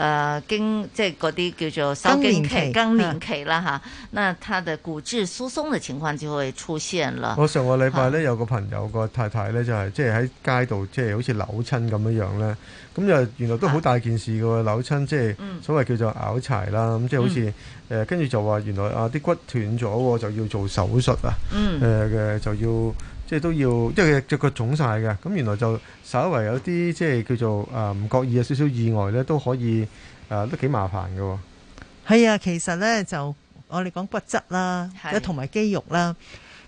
誒、呃、經即係嗰啲叫做收經期，更年期啦嚇、啊，那他的骨質疏鬆的情況就會出現了。我上個禮拜呢、啊，有個朋友個太太呢、就是，就係即係喺街度即係好似扭親咁樣樣呢。咁就原來都好大件事㗎喎、啊，扭親即係所謂叫做拗柴啦，咁即係好似誒跟住就話原來啊啲骨斷咗就要做手術啊，誒、嗯、嘅、呃、就要。即係都要，因為隻腳腫晒㗎，咁原來就稍微有啲即係叫做誒唔覺意有少少意外咧，都可以誒、呃、都幾麻煩㗎喎、哦。係啊，其實咧就我哋講骨質啦，同埋肌肉啦。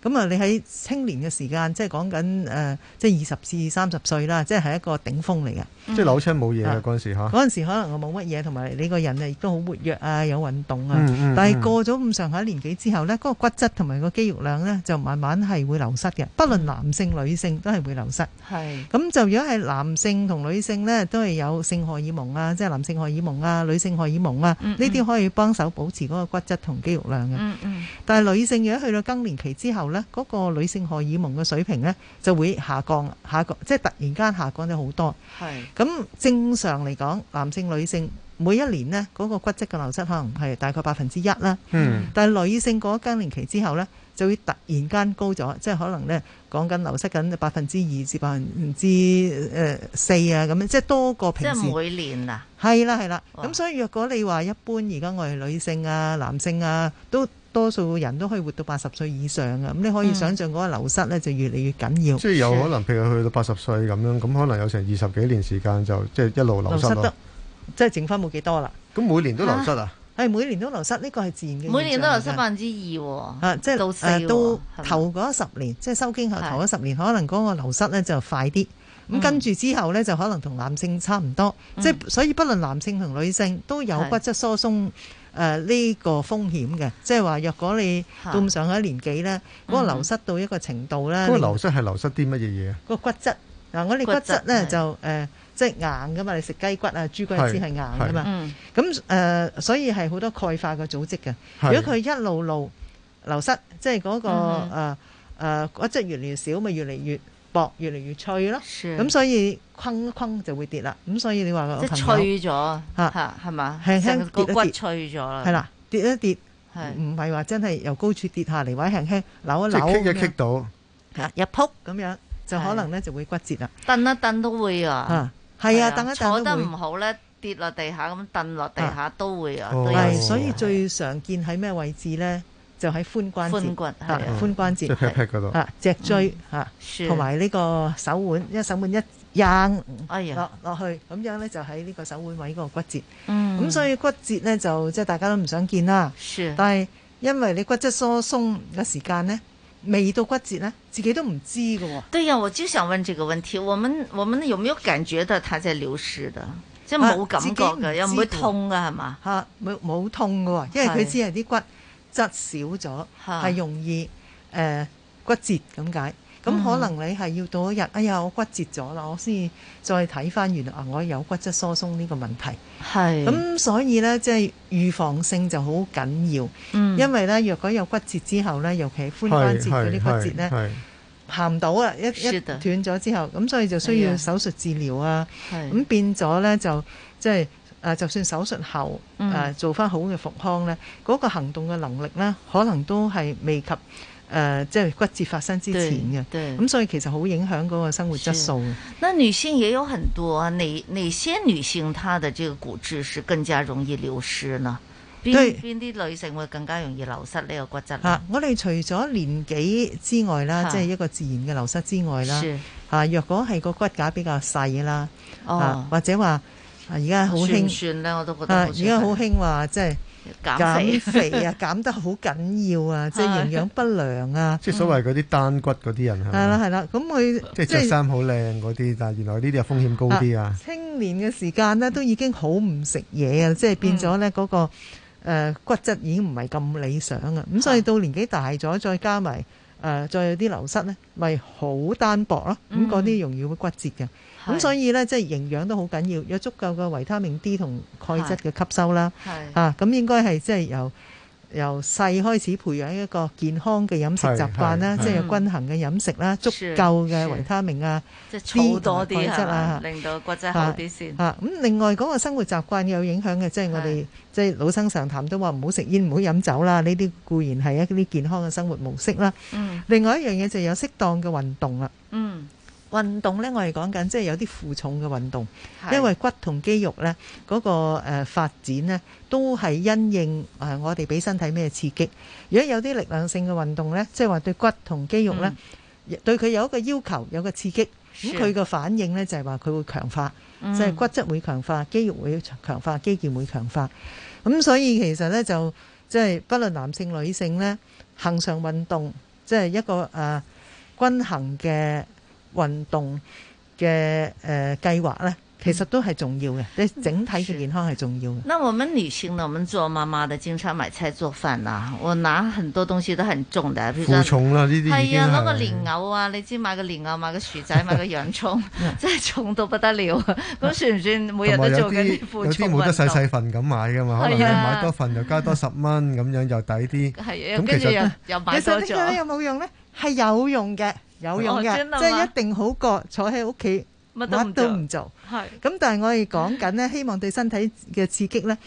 咁啊，你喺青年嘅時間，即係講緊，誒，即係二十至三十歲啦，即係一個頂峰嚟嘅。即係扭親冇嘢嘅嗰陣時吓。嗰陣時可能我冇乜嘢，同埋你個人啊亦都好活躍啊，有運動啊、嗯嗯。但係過咗咁上下年紀之後咧，嗰個骨質同埋個肌肉量咧就慢慢係會流失嘅。不論男性女性都係會流失。係。咁就如果係男性同女性咧，都係有性荷爾蒙啊，即係男性荷爾蒙啊，女性荷爾蒙啊，嗯，呢啲可以幫手保持嗰個骨質同肌肉量嘅、嗯嗯。但係女性如果去到更年期之後。咧、那、嗰個女性荷爾蒙嘅水平呢，就會下降，下降即係突然間下降咗好多。係。咁正常嚟講，男性、女性每一年呢，嗰、那個骨質嘅流失可能係大概百分之一啦。嗯。但係女性過咗更年期之後呢，就會突然間高咗，即係可能呢，講緊流失緊百分之二至百分之誒四啊咁樣，即係多過平時。即係每年啊。係啦，係啦。咁所以，如果你話一般而家我哋女性啊、男性啊都。多數人都可以活到八十歲以上啊！咁你可以想象嗰個流失咧就越嚟越緊要。嗯嗯、即係有可能譬如去到八十歲咁樣，咁可能有成二十幾年時間就即係、就是、一路流失咯。即係剩翻冇幾多啦。咁每年都流失啊？係、啊、每年都流失，呢個係自然嘅。每年都流失百分之二喎、哦啊。即係到四。到、啊、到頭嗰十年，即係收經後頭嗰十年，可能嗰個流失咧就快啲。咁、嗯、跟住之後咧，就可能同男性差唔多。嗯、即係所以，不論男性同女性都有骨質疏鬆。誒、呃、呢、這個風險嘅，即係話若果你到咁上下年紀咧，嗰、那個流失到一個程度咧，嗰、嗯那個流失係流失啲乜嘢嘢啊？嗰、那個骨質嗱，我、呃、哋骨質咧就誒、呃、即係硬噶嘛，你食雞骨啊、豬骨之係硬噶嘛。咁誒、呃，所以係好多鈣化嘅組織嘅。如果佢一路路流失，即係嗰、那個誒、嗯呃、骨質越嚟越少，咪越嚟越薄越嚟越脆咯，咁所以崩崩就會跌啦。咁所以你話個即係脆咗嚇係嘛？輕、啊、輕跌，跌骨脆咗啦。係啦，跌一跌，唔係話真係由高處跌下嚟，或者輕輕扭一扭，即一棘到入撲咁樣，樣，就可能咧就會骨折啦。蹬一蹬都會啊，係啊，蹬一蹬都會。坐得唔好咧，跌落地下咁，蹬落地下都會啊。係、哦，所以最常見喺咩位置咧？就喺髖關節，髖關節係嗰度，脊椎吓，同埋呢個手腕，因為手腕一掹、哎、落落去，咁樣咧就喺呢個手腕位嗰個骨折。嗯、咁、嗯、所以骨折咧就即係大家都唔想見啦。但係因為你骨質疏鬆嘅時間咧，未到骨折咧，自己都唔知㗎、哦。對呀、啊,我就想問這個問題，我們我們有沒有感覺到它在流失嘅，即係冇感覺又唔、啊、會痛嘅係嘛？吓、啊，冇冇痛㗎，因為佢只係啲骨。質少咗，係容易誒、呃、骨折咁解。咁可能你係要到一日、嗯，哎呀，我骨折咗啦，我先再睇返原來啊，我有骨質疏鬆呢個問題。係咁，所以呢，即、就、係、係、預防性就好緊要、嗯。因為呢，若果有骨折之後呢，尤其髖關節嗰啲骨折呢，行唔到啊，一一斷咗之後，咁所以就需要手術治療啊。係咁變咗呢，就即係。就係就算手術後，嗯、做翻好嘅復康咧，嗰、那個行動嘅能力咧，可能都係未及誒，即、呃、係、就是、骨折發生之前嘅。對，咁所以其實好影響嗰個生活質素。那女性也有很多，哪哪些女性她的這個骨質是更加容易流失呢？邊邊啲女性會更加容易流失呢個骨質？啊，我哋除咗年紀之外啦，即係、就是、一個自然嘅流失之外啦。是，若果係個骨架比較細啦，啊、哦、或者話。而家好興，算啦，我都覺得很。而家好興話，即係、就是、減肥啊，減，啊 減得好緊要啊，即、就、係、是、營養不良啊。 嗯、即係所謂嗰啲單骨嗰啲人係嘛？係啦係啦，咁佢即係着衫好靚嗰啲，但係原來呢啲又風險高啲啊，啊。青年嘅時間呢，都已經好唔食嘢啊，即、就、係、是、變咗咧嗰個、嗯呃、骨質已經唔係咁理想啊。咁所以到年紀大咗，再加埋誒、呃，再有啲流失咧，咪好單薄咯。咁嗰啲容易會骨折嘅。嗯咁所以咧，即係營養都好緊要，有足夠嘅維他命 D 同鈣質嘅吸收啦。係啊，咁應該係即係由由細開始培養一個健康嘅飲食習慣啦，即係均衡嘅飲食啦，足夠嘅維他命啊，D 啊，鈣質啊，令到骨質好啲先。啊，咁、啊嗯、另外嗰個生活習慣有影響嘅，即係我哋即係老生常談都話唔好食煙，唔好飲酒啦。呢啲固然係一啲健康嘅生活模式啦、嗯。另外一樣嘢就係有適當嘅運動啦。運動呢，我係講緊即係有啲負重嘅運動，因為骨同肌肉呢嗰、個誒發展呢都係因應我哋俾身體咩刺激。如果有啲力量性嘅運動呢，即係話對骨同肌肉呢、嗯、對佢有一個要求，有個刺激，咁佢嘅反應呢就係話佢會強化，即、嗯、係、就是、骨質會強化，肌肉會強化，肌腱會強化。咁所以其實呢，就即係、就是、不論男性女性呢，恆常運動即係、就是、一個、啊、均衡嘅。運動嘅誒計劃咧，其實都係重要嘅，即係整體嘅健康係重要嘅、嗯。那我們女性呢，我們做媽媽的，經常買菜做飯啊，我拿很多東西都很重的，負重啦呢啲係啊，攞、那個蓮藕啊，你知買個蓮藕，買個薯仔，買個洋葱， 真係重到不得了。咁 算唔算每日都做緊啲負重運動？有啲冇得細細份咁買噶嘛？可能多買多份、哎、又加多十蚊咁樣又抵啲。係、哎，咁跟住又又買多咗。其實有冇用咧？係有用嘅。有用嘅，即係一定好過坐喺屋企，乜都唔做。係咁，但係我哋講緊呢，希望對身體嘅刺激呢，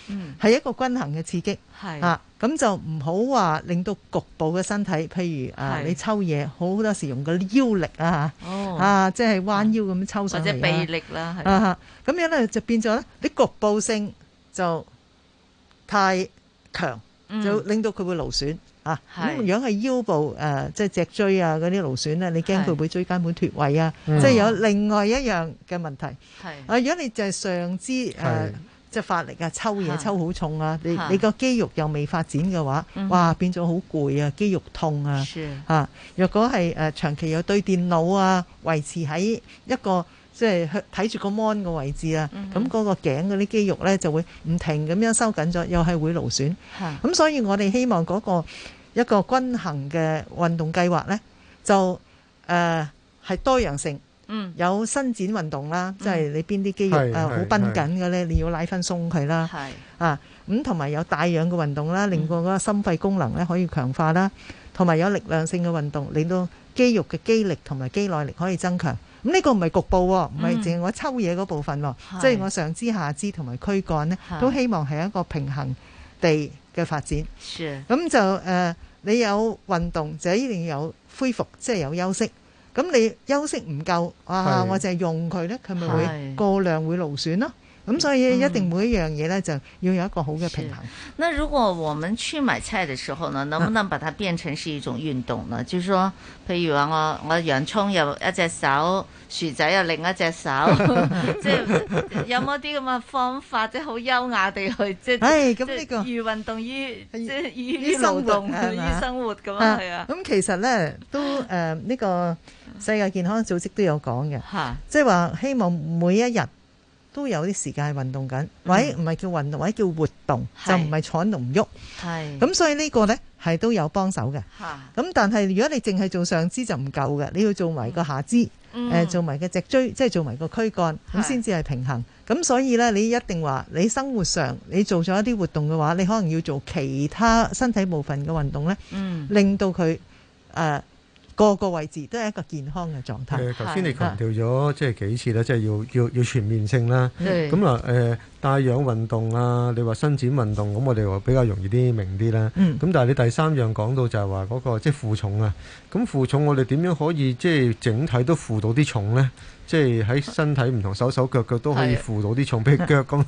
係一個均衡嘅刺激。係、嗯、啊，咁就唔好話令到局部嘅身體，譬如啊，你抽嘢，好多時候用個腰力啊，哦、啊，即係彎腰咁抽上嚟。或者臂力啦，係啊，咁樣呢就變咗呢啲局部性就太強，就令到佢會勞損。嗯嚇，咁如果係腰部誒、啊，即係脊椎啊，嗰啲勞損咧，你驚佢會唔會椎間盤脫位啊？即係有另外一樣嘅問題。係，啊，如果你就係上肢誒，即係發力啊，抽嘢抽好重啊，你你個肌肉又未發展嘅話，哇，變咗好攰啊，肌肉痛啊，嚇！若果係誒長期有對電腦啊，維持喺一個即係睇住個 mon 嘅位置啊，咁嗰個頸嗰啲肌肉咧就會唔停咁樣收緊咗，又係會勞損。係，咁所以我哋希望嗰個。一個均衡嘅運動計劃呢，就誒係、呃、多樣性，嗯，有伸展運動啦，即、嗯、係、就是、你邊啲肌肉誒好繃緊嘅呢、嗯？你要拉翻鬆佢啦，啊，咁同埋有帶氧嘅運動啦，令到嗰個心肺功能咧可以強化啦，同、嗯、埋有，有力量性嘅運動，令到肌肉嘅肌力同埋肌耐力可以增強。咁、嗯、呢、嗯這個唔係局部喎、啊，唔係淨係我抽嘢嗰部分咯、啊，即係、就是、我上肢下肢同埋軀幹呢，都希望係一個平衡地嘅發展，咁就誒、呃，你有運動就是、一定要有恢復，即、就、係、是、有休息。咁你休息唔夠啊，我淨係用佢咧，佢咪會過量會勞損咯。咁、嗯、所以一定每一樣嘢咧，就要有一個好嘅平衡。嗱，如果我們去買菜嘅時候呢，能唔能把它變成是一種運動呢？啊、就是話，譬如話、啊、我我洋葱有一隻手，薯仔有另一隻手， 即係有冇啲咁嘅方法，即係好優雅地去即係咁呢個寓運動於即係於，於生活，於生活咁啊，係啊。咁、啊、其實呢，都誒，呢、呃呢個世界健康組織都有講嘅，即係話希望每一日。都有啲時間係運動緊，或者唔係叫運動，或者叫活動，嗯、就唔係坐喺度唔喐。咁，所以呢個呢係都有幫手嘅。咁但係如果你淨係做上肢就唔夠嘅，你要做埋個下肢，誒、嗯呃、做埋個脊椎，即係做埋個軀幹，咁先至係平衡。咁所以呢，你一定話你生活上你做咗一啲活動嘅話，你可能要做其他身體部分嘅運動呢，嗯、令到佢誒。呃個個位置都係一個健康嘅狀態。頭先你強調咗即係幾次咧，即係要要要全面性啦。咁啊誒帶氧運動啊，你話伸展運動，咁我哋話比較容易啲明啲啦。嗯。咁但係你第三樣講到就係話嗰個即係負重啊。咁負重我哋點樣可以即係整體都負到啲重咧？即係喺身體唔同，手手腳腳都可以負到啲重俾腳咁。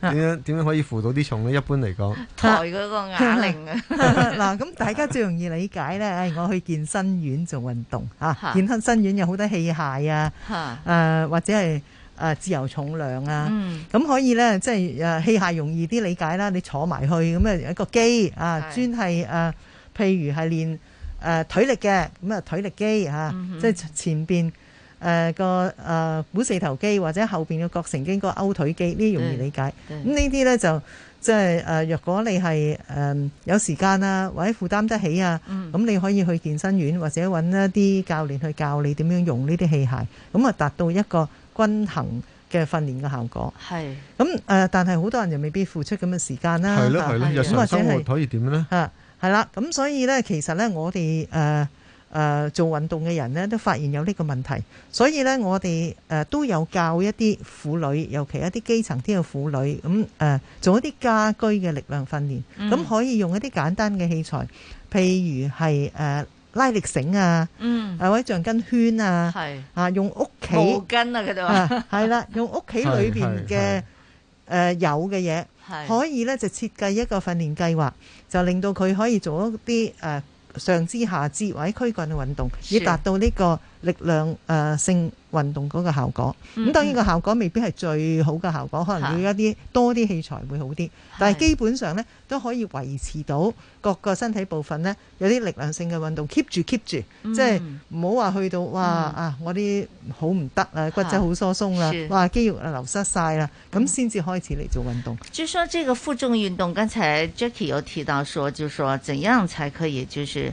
點樣點樣可以負到啲重咧？一般嚟講，抬嗰個啞鈴啊，啊！嗱、 啊，咁大家最容易理解咧。誒，我去健身院做運動啊，健身院有好多器械啊，誒、啊、或者係誒、啊、自由重量啊，咁、嗯、可以咧，即係誒器械容易啲理解啦。你坐埋去咁啊，一個機啊，專係誒、啊，譬如係練誒、啊、腿力嘅，咁啊腿力機啊，嗯、即係前邊。誒、呃、個誒股、呃、四頭肌或者後邊嘅膕繩肌、個勾腿肌呢啲容易理解。咁呢啲呢，就即係誒，若、呃、果你係誒、呃、有時間啊，或者負擔得起啊，咁、嗯、你可以去健身院或者揾一啲教練去教你點樣用呢啲器械，咁啊達到一個均衡嘅訓練嘅效果。係。咁誒、呃，但係好多人就未必付出咁嘅時間啦、啊。係咯，係咯，日常生活可以點咧？嚇、嗯，係啦。咁所以咧，其實咧，我哋誒。呃呃、做運動嘅人咧，都發現有呢個問題，所以咧我哋、呃、都有教一啲婦女，尤其一啲基層啲嘅婦女，咁、呃、做一啲家居嘅力量訓練，咁、嗯、可以用一啲簡單嘅器材，譬如係、呃、拉力繩啊，嗯，或者橡筋圈啊，嗯、啊，用屋企毛巾啊，佢 係啦，用屋企裏面嘅誒、呃、有嘅嘢，可以咧就設計一個訓練計劃，就令到佢可以做一啲上肢、下肢或者軀幹嘅運動以達到呢個力量、呃、性運動嗰個效果，咁當然個效果未必係最好嘅效果、嗯，可能要一啲多啲器材會好啲，但係基本上咧都可以維持到各個身體部分咧有啲力量性嘅運動 keep 住 keep 住，嗯、即係唔好話去到哇、嗯、啊我啲好唔得啊骨質好疏鬆啦，哇，肌肉啊流失晒啦，咁先至開始嚟做運動、嗯。就說這個負重運動，剛才 Jackie 有提到說，說就說，怎樣才可以就是？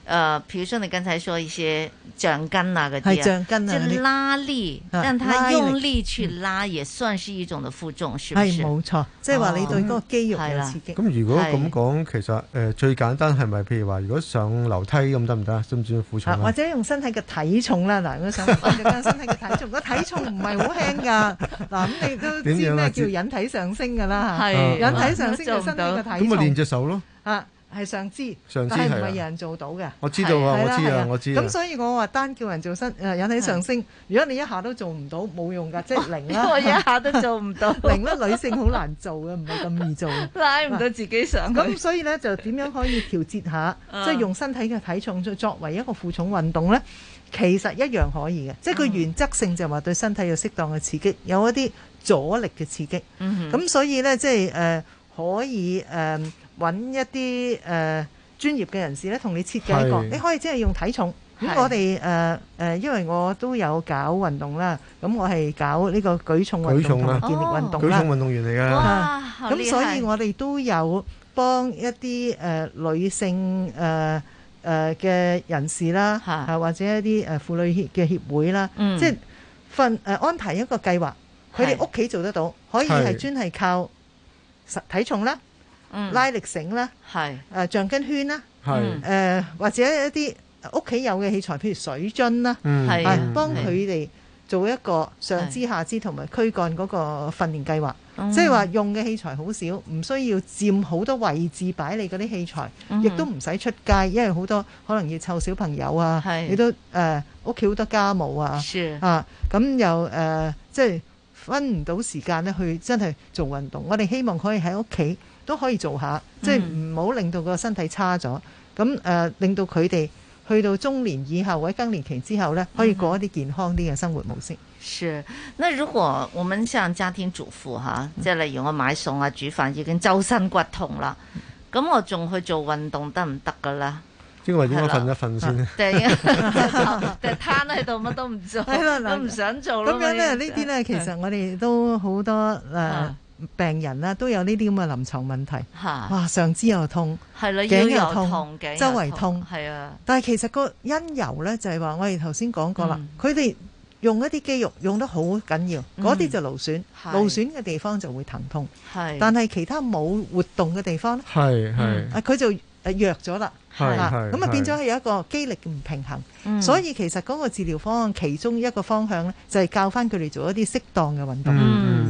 誒、呃，譬如說你剛才說一些橡筋啊，嗰啲橡筋啊，即係拉力，讓它用力去拉，也算是一種嘅負重，係咪？係冇錯、嗯，即係話你對嗰個肌肉嘅刺激。咁、哦、如果咁講，其實誒、呃、最簡單係咪？譬如話如果上樓梯咁得唔得啊？使唔使負重或者用身體嘅體重啦，嗱，如果上樓梯就用身體嘅體重，個 體重唔係好輕噶，嗱，咁你都知咩、啊、叫引體上升噶啦？係引、啊啊嗯、體上升就身體嘅體重，咁、啊、咪練隻手咯。啊。係上肢，上肢唔係人做到嘅、啊啊啊。我知道啊，我知啊，我知道、啊。咁、啊啊啊、所以我話單叫人做身誒引體上升、啊，如果你一下都做唔到，冇用㗎，即、就、係、是、零啦。 我一下都做唔到，零啦，女性好難做嘅，唔係咁易做的， 拉唔到自己上。咁所以咧，就點樣可以調節一下？即 係、嗯就是、用身體嘅體重作為為一個負重運動咧，其實一樣可以嘅。即係佢原則性就話對身體有適當嘅刺激，有一啲阻力嘅刺激。咁、嗯、所以咧，即、就、係、是呃、可以誒。呃揾一啲誒、呃、專業嘅人士咧，同你設計一個，你可以即係用體重。咁我哋誒誒，因為我都有搞運動啦，咁我係搞呢個舉重運動、健力運動舉、啊哦、舉重運動員嚟噶。哇！咁、啊、所以我哋都有幫一啲誒、呃、女性誒誒嘅人士啦，啊或者一啲誒婦女協嘅協會啦，嗯、即係分誒、呃、安排一個計劃，佢哋屋企做得到，可以係專係靠實體重啦。嗯、拉力繩啦，係誒、呃、橡筋圈啦，係誒、呃、或者一啲屋企有嘅器材，譬如水樽啦，係幫佢哋做一個上肢下肢同埋軀幹嗰個訓練計劃，即係話用嘅器材好少，唔、嗯、需要佔好多位置擺你嗰啲器材，嗯、亦都唔使出街，因為好多可能要湊小朋友啊，你都誒屋企好多家務啊啊咁又誒即係分唔到時間咧去真係做運動。我哋希望可以喺屋企。都可以做下，即係唔好令到個身體差咗。咁、嗯、誒、呃，令到佢哋去到中年以後，或者更年期之後咧，可以過一啲健康啲嘅生活模式、嗯。是。那如果我們像家庭主婦嚇，即係例如我買餸啊、煮飯已經周身骨痛啦，咁我仲去做運動得唔得噶啦？因為應該瞓一瞓先咧，就攤喺度乜都唔做，都唔想做咯。咁樣咧，呢啲呢，其實我哋都好多誒。病人啦都有呢啲咁嘅臨床問題，哇，上肢又痛，頸又痛，痛，痛，周圍痛，係啊！但係其實個因由呢，就係話，我哋頭先講過啦，佢、嗯、哋用一啲肌肉用得好緊要，嗰、嗯、啲就勞損，勞損嘅地方就會疼痛。係但係其他冇活動嘅地方呢，係係，佢、嗯、就弱咗啦。咁啊變咗係有一個肌力唔平衡，所以其實嗰個治療方案、嗯、其中一個方向呢，就係教翻佢哋做一啲適當嘅運動。嗯嗯。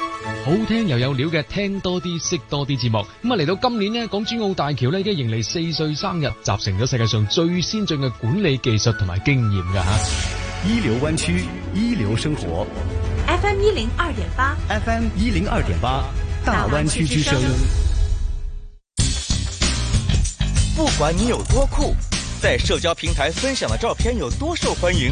好聽又有，有料嘅聽多啲識多啲節目，咁啊嚟到今年呢港珠澳大橋呢已經迎嚟四歲生日，集成咗世界上最先進嘅管理技術同埋經驗嘅吓。醫療灣區，醫療生活。F M 一零二點八，F M 一零二點八，大灣區之聲。不管你有多酷，在社交平台分享嘅照片有多受歡迎。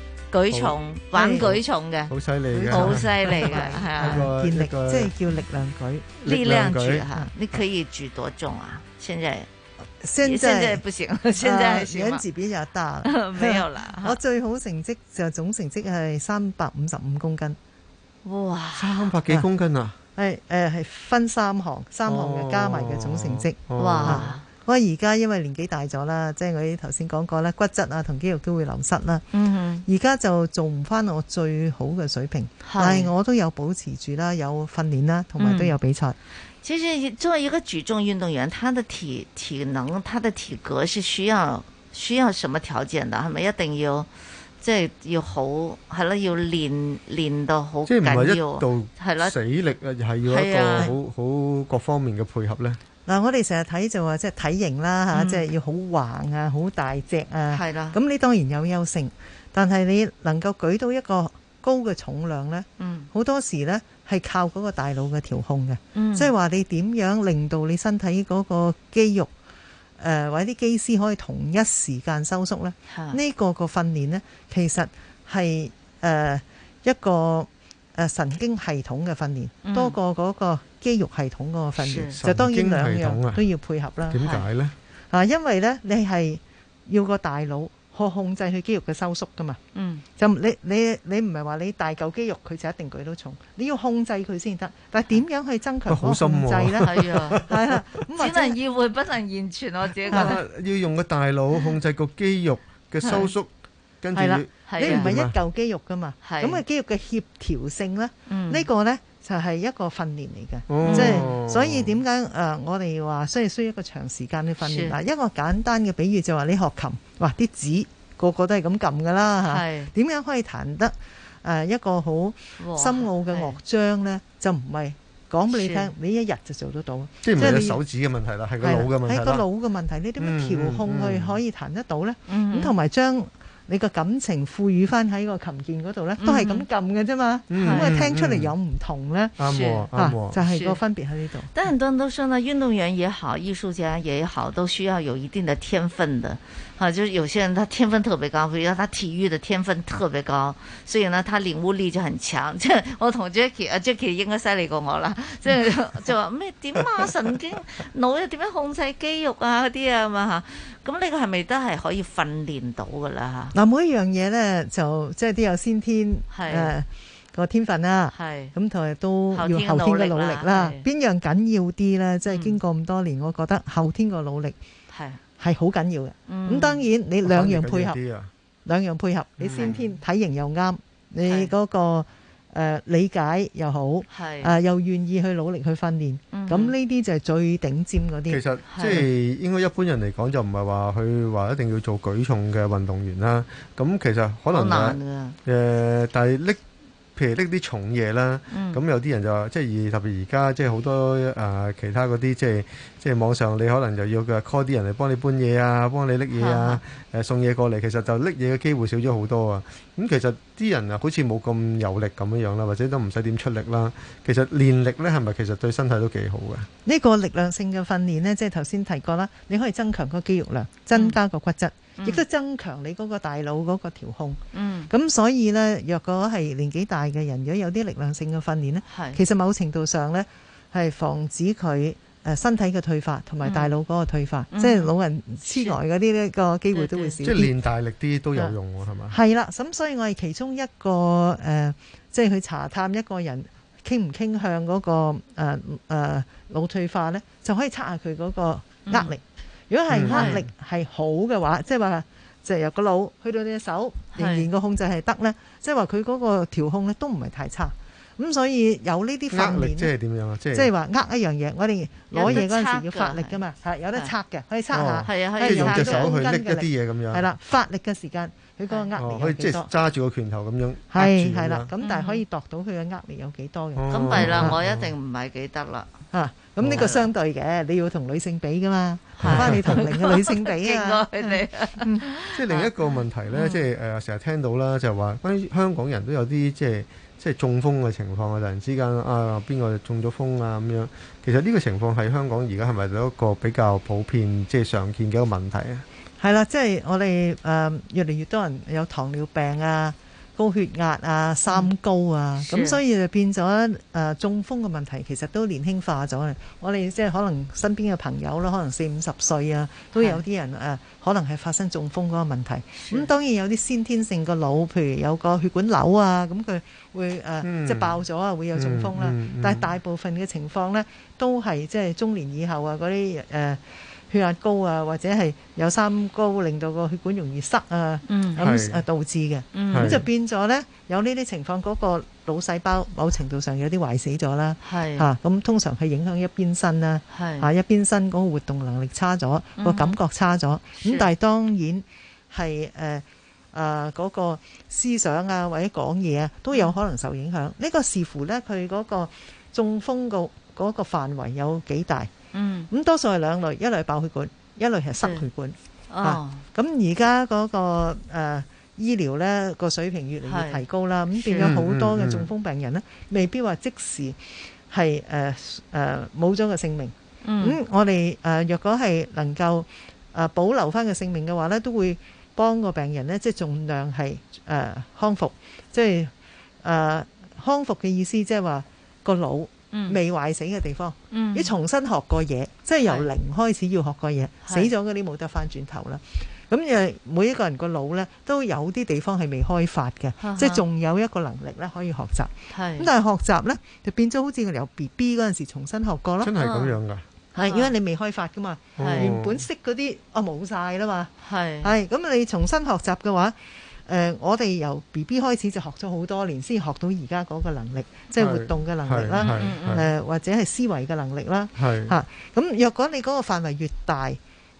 舉重玩舉重嘅，好犀利好犀利嘅，係 啊，這個，即係叫力量舉，力量舉吓，啊，你可以舉多重啊？現在，現在，現在不行，呃、現在年紀比較大， 沒有啦，啊。我最好成績就總成績係三百五十五公斤，哇，三百幾公斤啊？係、啊、誒，係、呃、分三項，哦、三項嘅加埋嘅總成績，哦，哇。哇我而家因為年紀大咗啦，即、就、係、是、我哋頭先講過啦，骨質啊同肌肉都會流失啦。嗯，而家就做唔返我最好嘅水平，是但係我都有保持住啦，有訓練啦，同埋都有比賽、嗯。其實作為一個舉重運動員，他的體體能、他的體格是需要需要什麼條件的？係咪一定要即係、就是、要好？係啦，要練練到好，即係唔係一道係啦死力啊？又係要一個很、啊、好好各方面嘅配合呢。嗱，我哋成日睇就話即係體型啦吓，即係要好橫啊，好大隻啊，咁你當然有優勝，但係你能夠舉到一個高嘅重量咧，嗯、好多時咧係靠嗰個大腦嘅調控嘅，即係話你點樣令到你身體嗰個肌肉誒、呃、或者啲肌絲可以同一時間收縮咧？呢、呢個個訓練咧，其實係誒、呃、一個誒神經系統嘅訓練，多過嗰、嗰個。嗯肌肉系統嗰個訓練就當然兩樣都要配合啦。點解咧？啊，因為咧，你係要個大腦去控制佢肌肉嘅收縮㗎嘛。嗯，就你你你唔係話你大嚿肌肉佢就一定舉到重，你要控制佢先得。但係點樣去增強控制咧？係啊，係啊，只能意會不能言傳，我自己覺得。要用個大腦控制個肌肉嘅收縮，跟住你唔係一嚿肌肉㗎嘛？咁嘅肌肉嘅協調性咧，呢個咧。就係一個訓練嚟嘅，即、哦就係、所以點解誒我哋話需要需一個長時間嘅訓練嗱？一個簡單嘅比喻就話你學琴，話啲指個個都係咁撳噶啦吓，點樣可以彈得、呃、一個好深奧嘅樂章呢？是就唔係講俾你聽，你一日就做得到，即係手指嘅問、就係、問題啦，係個腦嘅問題啦，係個腦嘅問題，你、嗯、點樣調控去可以彈得到呢？咁同埋將。你個感情賦予翻喺個琴鍵嗰度咧，都係咁撳嘅啫嘛，咁、嗯、啊聽出嚟有唔同咧嚇、啊，就係、是、個分別喺呢度。但係很多人都說咧，運動員也好，藝術家也好，都需要有一定的天分的。就有些人他天分特別高，比如他體育的天分特別高，所以呢，他領悟力就很強。即 係我同 Jacky 啊 Jacky 應該犀利過我啦。即 係就話咩點啊神經腦又點樣控制肌肉啊嗰啲啊嘛吓。咁呢個係咪都係可以訓練到噶啦？嗱，每一樣嘢呢，就即係都有先天誒個、呃、天分啦、啊，係咁同埋都要後天嘅努力啦、啊。邊、啊、樣緊要啲呢？即係經過咁多年、嗯，我覺得後天個努力係。係好緊要嘅，咁、嗯、當然你兩樣配合，啊、兩樣配合，嗯、你先天體型又啱，你嗰、嗰個、呃、理解又好，誒、呃、又願意去努力去訓練，咁呢啲就係最頂尖嗰啲。其實即係應該一般人嚟講，就唔係話去話一定要做舉重嘅運動員啦。咁其實可能難誒、啊呃，但係拎，譬如拎啲重嘢啦，咁、嗯、有啲人就話，即係而特別而家即係好多誒、呃、其他嗰啲即係。即係網上，你可能就要嘅 call 啲人嚟幫你搬嘢啊，幫你拎嘢啊，誒、呃、送嘢過嚟。其實就拎嘢嘅機會少咗好多啊。咁、嗯、其實啲人啊，好似冇咁有力咁樣樣啦，或者都唔使點出力啦。其實練力咧，係咪其實對身體都幾好嘅？呢、呢個力量性嘅訓練呢，即係頭先提過啦。你可以增強個肌肉量，增加個骨質，亦、嗯、都增強你嗰個大腦嗰個調控。嗯。咁所以呢，若果係年紀大嘅人，如果有啲力量性嘅訓練呢，其實某程度上呢，係防止佢。誒身體嘅退化同埋大腦嗰個退化，即係老人痴呆嗰啲呢個機會都會少啲。即係練大力啲都有用喎，係嘛？係啦，咁所以我係其中一個誒，即係去查探一個人傾唔傾向嗰個誒誒腦退化咧，就可以測下佢嗰個握力。如果係握力係好嘅話，即係話由個腦去到你隻手仍然個控制係得咧，即係話佢嗰個調控咧都唔係太差。咁所以有呢啲法力咧，即係點樣啊？即係話握一樣嘢，我哋攞嘢嗰陣時要發力噶嘛，係有得測嘅，可以測下，即係用隻手去拎一啲嘢咁樣。係啦，發力嘅時間，佢嗰個握力有幾多？可以即係揸住個拳頭咁樣。係係啦，咁但係可以度到佢嘅握力有幾多嘅？咁係啦，我一定唔係幾得啦。嚇！咁呢個相對嘅，你要同女性比噶嘛？翻你同齡嘅女性比啊！應該你。即係另一個問題咧，即係誒，成日聽到啦，就係話關於香港人都有啲即係。即係中風嘅情況啊！突然之間啊，邊個中咗風啊咁樣？其實呢個情況喺香港而家係咪有一個比較普遍、即係常見嘅一個問題啊？係啦，即係我哋誒、呃、越嚟越多人有糖尿病啊。高血壓啊、三高啊，咁、嗯、所以就變咗誒、呃、中風嘅問題，其實都年輕化咗。我哋即係可能身邊嘅朋友啦，可能四五十歲啊，都有啲人誒、呃，可能係發生中風嗰個問題。咁、嗯、當然有啲先天性嘅腦，譬如有個血管瘤啊，咁佢會誒、呃嗯、即係爆咗啊，會有中風啦、嗯。但係大部分嘅情況呢，都係即係中年以後啊嗰啲誒。血壓高啊，或者係有三高，令到個血管容易塞啊，咁、嗯、啊、嗯、導致嘅。咁、嗯、就變咗呢，有呢啲情況，嗰、嗰個腦細胞某程度上有啲壞死咗啦。係嚇，咁、啊、通常係影響一邊身啦、啊。係、啊、一邊身嗰個活動能力差咗，個、嗯、感覺差咗。咁但係當然係誒啊嗰個思想啊，或者講嘢啊，都有可能受影響。呢、呢個視乎呢，佢嗰個中風個嗰個範圍有幾大。嗯，咁多數係兩類，一類係爆血管，一類係塞血管。嗯、哦，咁而家嗰個誒、呃、醫療咧個水平越嚟越提高啦，咁變咗好多嘅中風病人咧、嗯嗯嗯，未必話即時係誒誒冇咗個性命。嗯，咁、嗯、我哋誒、呃、若果係能夠誒、呃、保留翻個性命嘅話咧，都會幫個病人咧即係盡量係誒康復，即係誒、呃、康復嘅、呃、意思，即係話個腦。未壞死嘅地方，要、嗯、重新學過嘢、嗯，即係由零開始要學過嘢。死咗嗰啲冇得翻轉頭啦。咁誒，每一個人個腦呢，都有啲地方係未開發嘅，即係仲有一個能力呢可以學習。咁但係學習呢，就變咗好似有 B B 嗰陣時候重新學過啦。真係咁樣㗎？係因為你未開發噶嘛，原本識嗰啲啊冇晒啦嘛。係係咁，你重新學習嘅話。誒，uh, 我哋由 B B 開始就學咗好多年，先學到而家嗰個能力，即係活動嘅能力啦，誒、uh, 或者係思維嘅能力啦。係嚇是，咁若、uh, 果你嗰個範圍越大，誒、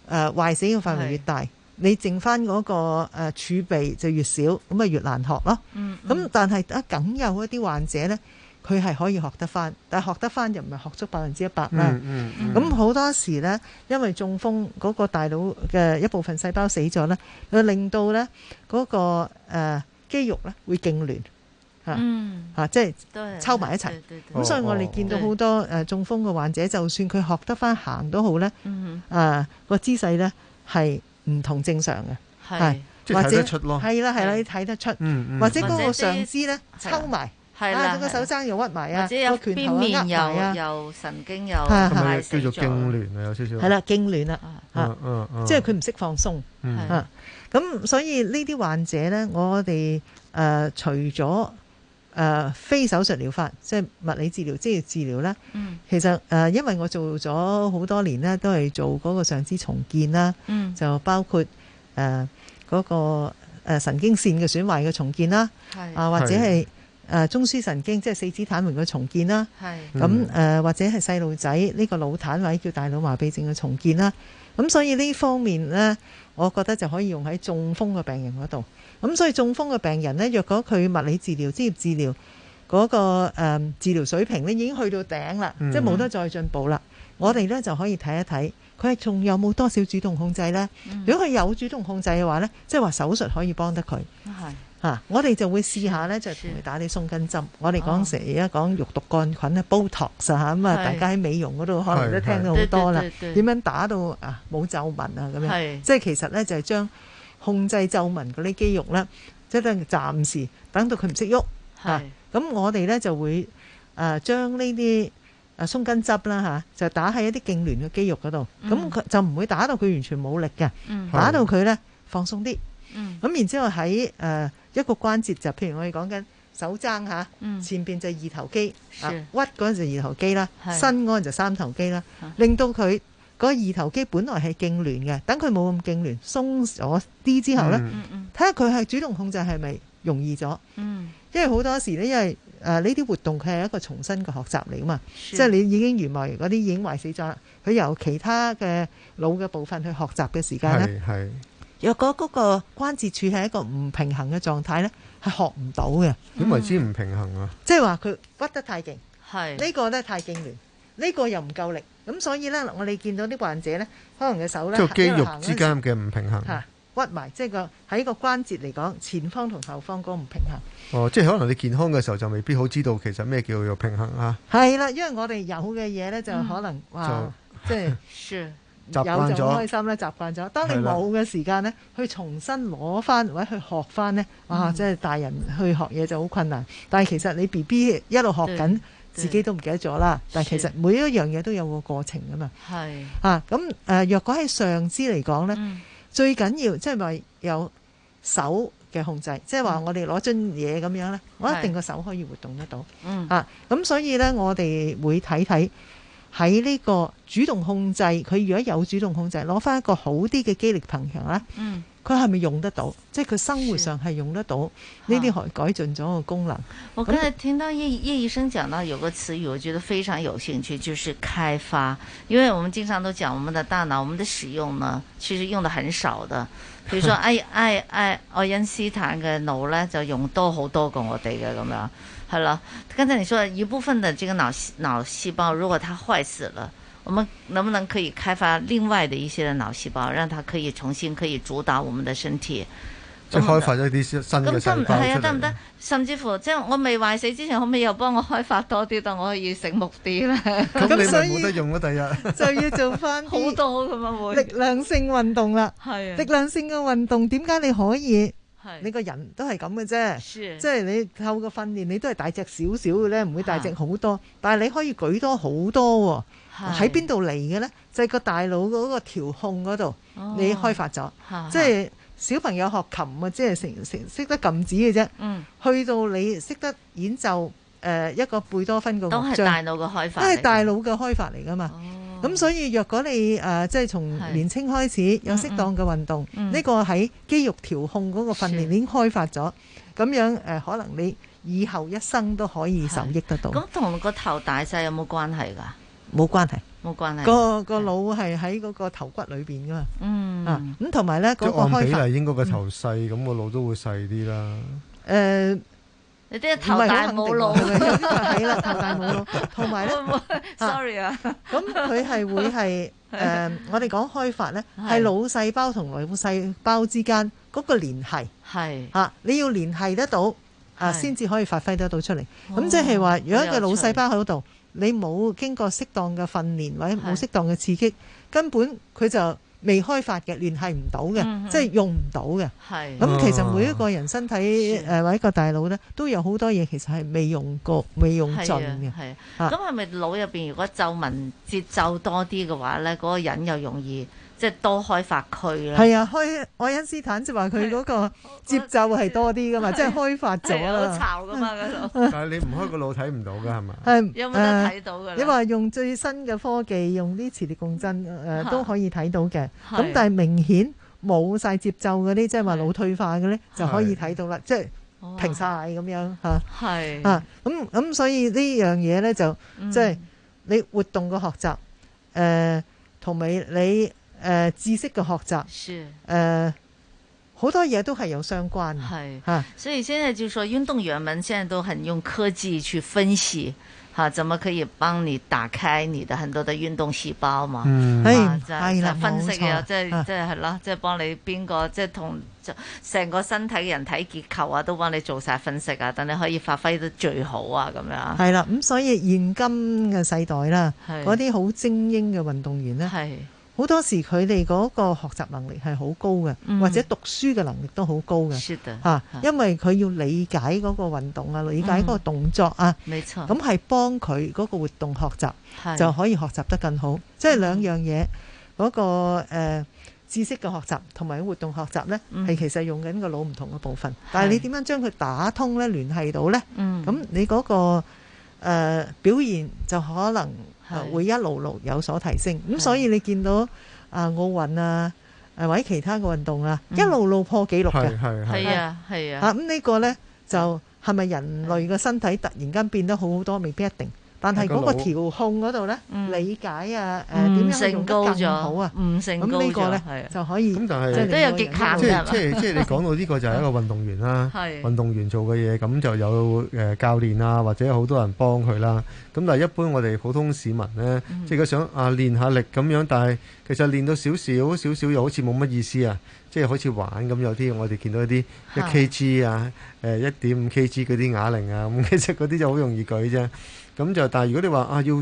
呃、壞死嘅範圍越大，是你剩翻嗰、那個誒儲、呃、備就越少，咁咪越難學咯。嗯，咁、嗯嗯嗯、但係啊，梗有一啲患者咧。佢係可以學得翻，但係學得翻又唔係學足百分之一百啦。咁好、嗯嗯嗯、多時候呢，因為中風嗰個大腦嘅一部分細胞死咗呢，佢令到呢嗰個、呃、肌肉咧會痙攣嚇嚇，即、嗯、係、啊就係、抽埋一齊。咁所以我哋見到好多誒中風嘅患者，就算佢學得翻行都好呢，誒、嗯、個、啊、姿勢呢係唔同正常嘅，係或者睇得出咯係啦係啦，你睇得出，嗯嗯、或者嗰個上肢呢抽埋。係啊，個手踭又屈埋啊，或者有邊面又、啊、又神經又壞死叫做痙攣啊，有少少係啦，痙攣啦，即係佢唔識放鬆，咁所以呢啲患者咧，我哋誒、呃、除咗誒、呃、非手術療法，即係物理治療，即係治療咧、嗯，其實誒、呃，因為我做咗好多年呢，都係做嗰個上肢重建啦、嗯，就包括誒嗰個誒神經線嘅損壞嘅重建啦，啊或者係。誒中樞神經即係四肢癱瘓嘅重建啦，咁誒、嗯、或者係細路仔呢個腦癱瘓叫大腦麻痹症嘅重建啦，咁所以呢方面呢，我覺得就可以用喺中風嘅病人嗰度。咁所以中風嘅病人呢，若果佢物理治療、職業治療嗰、那個、呃、治療水平呢已經去到頂啦、嗯，即係冇得再進步啦。我哋呢就可以睇一睇佢係仲有冇多少主動控制呢？嗯、如果佢有主動控制嘅話呢，即係話手術可以幫得佢。嚇、啊！我哋就會試下咧，就同、是、佢打啲鬆筋針。我哋講成而家講肉毒桿菌咧 Botox 咁啊！大家喺美容嗰度可能都聽到好多啦。點樣打到啊？冇皺紋啊？咁樣，即係其實咧就係、是、將控制皺紋嗰啲肌肉咧，即、就、係、是、暫時等到佢唔識喐。咁，啊、那我哋咧就會誒、啊、將呢啲誒鬆筋針啦嚇，就打喺一啲痙攣嘅肌肉嗰度。咁、嗯、佢就唔會打到佢完全冇力嘅、嗯，打到佢咧、嗯、放鬆啲。咁、嗯、然之後喺誒一個關節就，譬如我哋講緊手踭下前面就二頭肌、嗯、屈嗰陣就二頭肌啦，伸嗰陣就三頭肌啦，令到佢個二頭肌本來係痙攣嘅，等佢冇咁痙攣，鬆咗啲之後呢，睇下佢係主動控制係咪容易咗、嗯？因為好多時呢，因為誒呢啲活動佢係一個重新嘅學習嚟嘛，即係你來已經原來嗰啲已經壞死咗，佢由其他嘅腦嘅部分去學習嘅時間咧。若果嗰個關節處喺一個唔平衡嘅狀態咧，係學唔到嘅。點為之唔平衡啊？即係話佢屈得太勁，係、這個、呢個咧太勁亂，呢、這個又唔夠力。咁所以咧，我哋見到啲患者咧，可能嘅手咧，即肌肉之間嘅唔平衡，啊、屈埋即係個喺個關節嚟講，前方同後方嗰個唔平衡。哦，即係可能你健康嘅時候就未必好知道其實咩叫做平衡啊？係啦、啊，因為我哋有嘅嘢咧就可能話、嗯、即係。 有就好開心咧，習慣咗。當你冇嘅時間咧，去重新攞翻或者去學翻咧、啊嗯，即係大人去學嘢就好困難。但係其實你 B B 一路學緊，自己都唔記得咗啦。但係其實每一樣嘢都有個過程噶嘛。啊，咁誒、呃，若果係上肢嚟講咧、嗯，最緊要即係話有手嘅控制，即係話我哋攞樽嘢咁樣咧，我一定個手可以活動得到。嗯啊，咁所以咧，我哋會睇睇。喺呢個主動控制，佢如果有主動控制，攞翻一個好啲嘅肌力平衡咧，佢係咪用得到？嗯、即係佢生活上係用得到呢啲改改進咗個功能。我剛才聽到葉葉醫生講到有個詞語，我覺得非常有興趣，就是開發，因為我們經常都講我們的大腦，我們的使用呢，其實用得很少的。譬如說，愛愛愛，愛因斯坦嘅腦咧，就用多好多過我哋嘅咁樣。好啦，剛才你說一部分的這個腦腦細胞如果它壞死了，我們能不能可以開發另外的一些腦細胞，讓它可以重新可以主導我們的身體？即係開發了一啲新嘅細胞出嚟。咁得唔得？甚至乎即係我未壞死之前，可唔可以又幫我開發多啲，當我要醒目啲咧？咁所以，冇得用啊。第 日就要做翻好多咁啊，會力量性運動啦，係力量性嘅運動，點解你可以？你個人都係咁嘅啫，即係你透過訓練，你都係大隻少少嘅咧，唔會大隻好多。但係你可以舉多好多喎、哦，喺邊度嚟嘅咧？就係、是、個大腦嗰個調控嗰度、哦，你開發咗，即係小朋友學琴啊，即係成成識得撳指嘅啫。去到你識得演奏誒、呃、一個貝多芬嘅曲，都係大腦嘅開發，都係大腦嘅開發嚟㗎嘛。哦咁、嗯、所以若果你誒、呃、即係從年青開始有適當嘅運動，呢、嗯嗯呢個喺肌肉調控嗰個訓練已經開發咗，咁樣、呃、可能你以後一生都可以受益得到。咁同個頭大細有冇關係㗎？冇關係，冇關係。個個腦係喺嗰個頭骨裏面㗎嘛。嗯啊，咁同埋咧嗰個開按比例應該，個頭細，咁個腦都會細啲啦。呃有啲頭大冇腦嘅， 有啲係啦，頭大冇腦。同埋咧，sorry 啊，咁佢係會係誒、 呃，我哋講開發咧，係腦細胞同內部細胞之間嗰個聯繫，係、啊、你要聯繫得到啊，先至可以發揮得到出嚟。咁即係話，如果一個腦細胞喺度，你冇經過適當嘅訓練或者冇適當嘅刺激，根本佢就。未開發嘅聯繫唔到嘅，即係用唔到嘅。係咁，其實每一個人身體誒，或者個大腦咧，都有好多嘢其實係未用過、嗯、未用盡嘅。係咁，係咪腦入邊如果皺紋節奏多啲嘅話咧，嗰、嗰個人又容易？即係多開發區啦。係啊，開愛因斯坦就話佢嗰個節奏係多啲噶嘛，即係開發咗噶嘛度， 但係你唔開個腦睇唔到嘅係嘛？係 誒、啊，你話用最新嘅科技，用啲磁力共振誒、呃、都可以睇到嘅。咁但係明顯冇晒節奏嗰啲，即係話腦退化嘅咧，就可以睇到啦，即係、就是、停曬咁樣嚇。係啊，咁咁、啊啊、所以呢樣嘢咧就即、是、係你活動嘅學習誒，同、嗯、埋、呃、你。你誒、呃，知識嘅學習，誒，好、呃、多嘢都係有相關係吓、啊。所以現在就是說，運動員們現在都很用科技去分析，哈、啊，怎麼可以幫你打開你的很多的運動細胞嘛？嗯，誒、嗯、啊，就是就是、分析嘅，即係即係係咯，即係幫你邊個，即係同成個身體人體結構啊，都幫你做晒分析啊，等你可以發揮得最好啊，咁樣係啦。咁所以現今嘅世代啦，嗰啲好精英嘅運動員咧，係。好多時佢哋嗰個學習能力係好高嘅，或者讀書嘅能力都好高嘅，吓、嗯啊，因為佢要理解嗰個運動啊，嗯、理解嗰個動作啊，咁係幫佢嗰個活動學習就可以學習得更好。即係兩樣嘢，嗰、嗰個誒、呃、知識嘅學習同埋活動學習呢，係其實是用緊個腦唔同嘅部分。但係你點樣將佢打通呢？聯繫到呢？咁，嗯、你，嗰、嗰個誒、呃、表現就可能。啊，會一路路有所提升，咁所以你見到啊奧運啊，或者其他嘅運動啊，一路路破紀錄嘅，係、嗯、啊，係啊，嚇咁呢個呢，就係咪人類嘅身體突然間變得好好多？未必一定。但係嗰個調控嗰度咧，理解啊，誒點樣成高就好啊？唔成高呢個咧就可以但、就係，都有極限。即係即係你講到呢個就係一個運動員啦，運動員做嘅嘢咁就有、呃、教練啊，或者好多人幫佢啦。咁但係一般我哋普通市民咧、嗯，即係佢想啊練下力咁樣，但係其實練到少少少少又好似冇乜意思啊！即係好似玩咁。有啲我哋見到一啲一 Kg 啊，誒一點五 Kg 嗰啲啞鈴啊，咁其實嗰啲就好容易舉啫。咁就但係如果你話啊要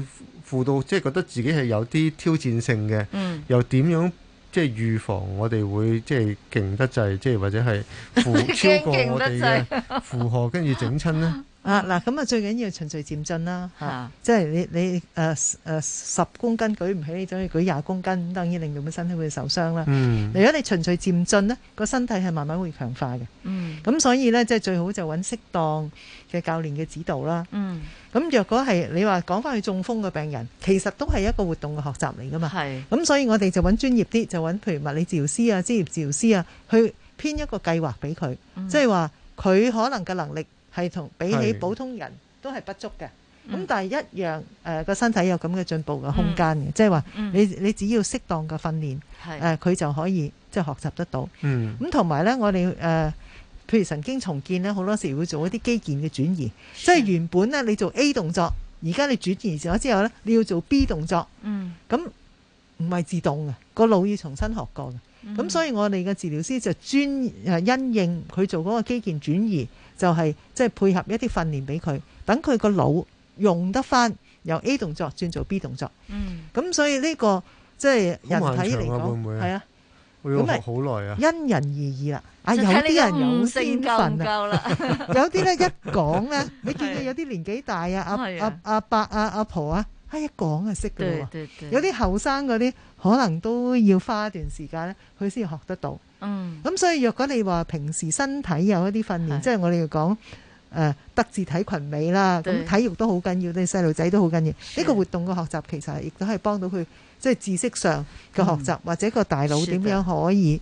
負到即係覺得自己係有啲挑戰性嘅、嗯，又點樣即係預防我哋會即係勁得滯，即係或者係負 超過我哋嘅負荷，跟住整親咧？ 嗱、啊，咁啊最緊要循序漸進啦，嚇、啊！即係你你誒誒、啊、十公斤舉唔起，你就可以舉廿公斤，咁當然令到個身體會受傷啦、嗯。如果你循序漸進呢，個身體係慢慢會強化嘅。嗯，咁所以呢，即係最好就揾適當嘅教練嘅指導啦。嗯，咁若果係你話講翻去中風嘅病人，其實都係一個活動嘅學習嚟㗎嘛。係，咁所以我哋就揾專業啲，就揾譬如物理治療師啊、職業治療師啊，去編一個計劃俾佢，即係話佢可能嘅能力。係同比起普通人都係不足嘅，咁但係一樣誒個、呃、身體有咁嘅進步嘅空間嘅、嗯，即係話、嗯、你你只要適當嘅訓練，誒佢、呃、就可以即係、就是、學習得到。嗯，咁同埋咧，我哋誒、呃、譬如神經重建咧，好多時會做一啲肌腱嘅轉移，即係原本咧你做 A 動作，而家你轉移咗之後咧，你要做 B 動作。嗯，咁唔係自動嘅，個腦要重新學過嘅。咁、嗯、所以我哋嘅治療師就專誒因應佢做嗰個肌腱轉移。就係即係配合一啲訓練俾佢，等佢個腦用得翻，由 A 動作轉做 B 動作。嗯，咁所以呢個即係人體嚟講，係啊，好耐啊，啊因人而異啦、 啊。啊，有啲人冇天份啊，有啲咧一講咧，你見到有啲年紀大啊，阿阿伯阿阿婆啊，一講就識噶啦。有啲後生嗰啲可能都要花一段時間咧，佢先學得到。嗯，咁所以若果你話平時身體有一啲訓練，即係我哋講誒，德、呃、智體群美啦，咁體育都好緊要，對細路仔都好緊要。呢、這個活動嘅學習其實亦都係幫到佢，即、就、係、是、知識上嘅學習、嗯、或者個大腦點樣可以。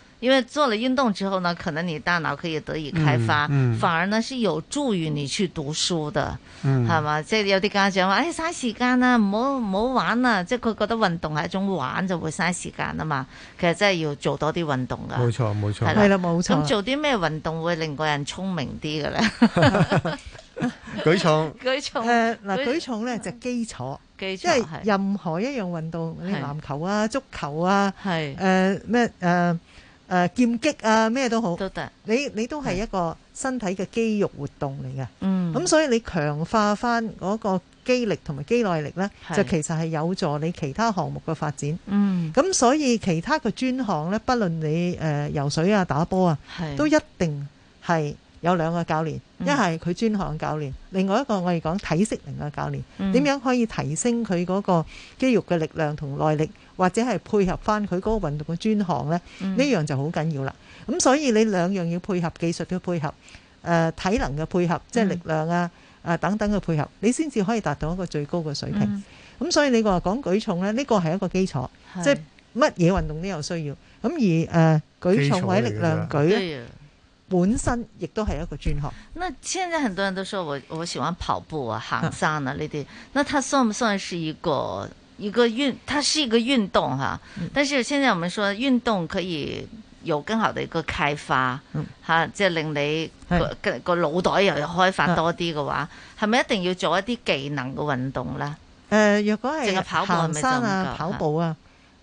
因為做了運動之後呢，可能你大腦可以得以開發，嗯嗯、反而呢是有助於你去讀書的，係、嗯、咪？即係有啲家長講話，哎，嘥時間啦、啊，唔好唔好玩啦、啊，即係佢覺得運動係一種玩，就會嘥時間啊嘛。其實真係要做多啲運動噶。冇錯，冇錯，係啦，冇錯。咁做啲咩運動會令個人聰明啲嘅咧？舉重，舉重，誒，嗱，舉重咧就基礎，基礎係、即係、任何一樣運動，你籃球啊、足球啊，係誒咩誒。呃誒劍擊啊，咩都好，都得。你你都係一個身體嘅肌肉活動嚟嘅。嗯。咁所以你強化翻嗰個肌力同埋肌耐力呢，就其實係有助你其他項目嘅發展。嗯。咁所以其他嘅專項呢，不論你誒游水啊、打波啊，都一定係。有兩個教練，一係佢專項教練，另外一個我哋講體適能嘅教練，點樣可以提升佢嗰個肌肉嘅力量同耐力，或者係配合翻佢嗰個運動嘅專項呢？呢、嗯、樣就好緊要啦。咁所以你兩樣要配合技術嘅配合，誒、呃、體能嘅配合，即係力量啊啊、呃、等等嘅配合，你先至可以達到一個最高嘅水平。咁、嗯、所以你話講舉重呢，呢個係一個基礎，即係乜嘢運動都有需要。咁而誒、呃、舉重、或者力量舉。本身亦都係一個專項。那現在很多人都說我，我喜歡跑步啊、行山啊呢啲。那它算唔算是一個一個運？它是一個運動哈、啊嗯。但是現在我們說運動可以有更好的一個開發，哈、嗯啊，即係令你個個腦袋又有開發多啲嘅話，係咪一定要做一啲技能嘅運動咧？誒、呃，若果係，淨係跑步係咪、啊、就唔夠、啊、跑步啊，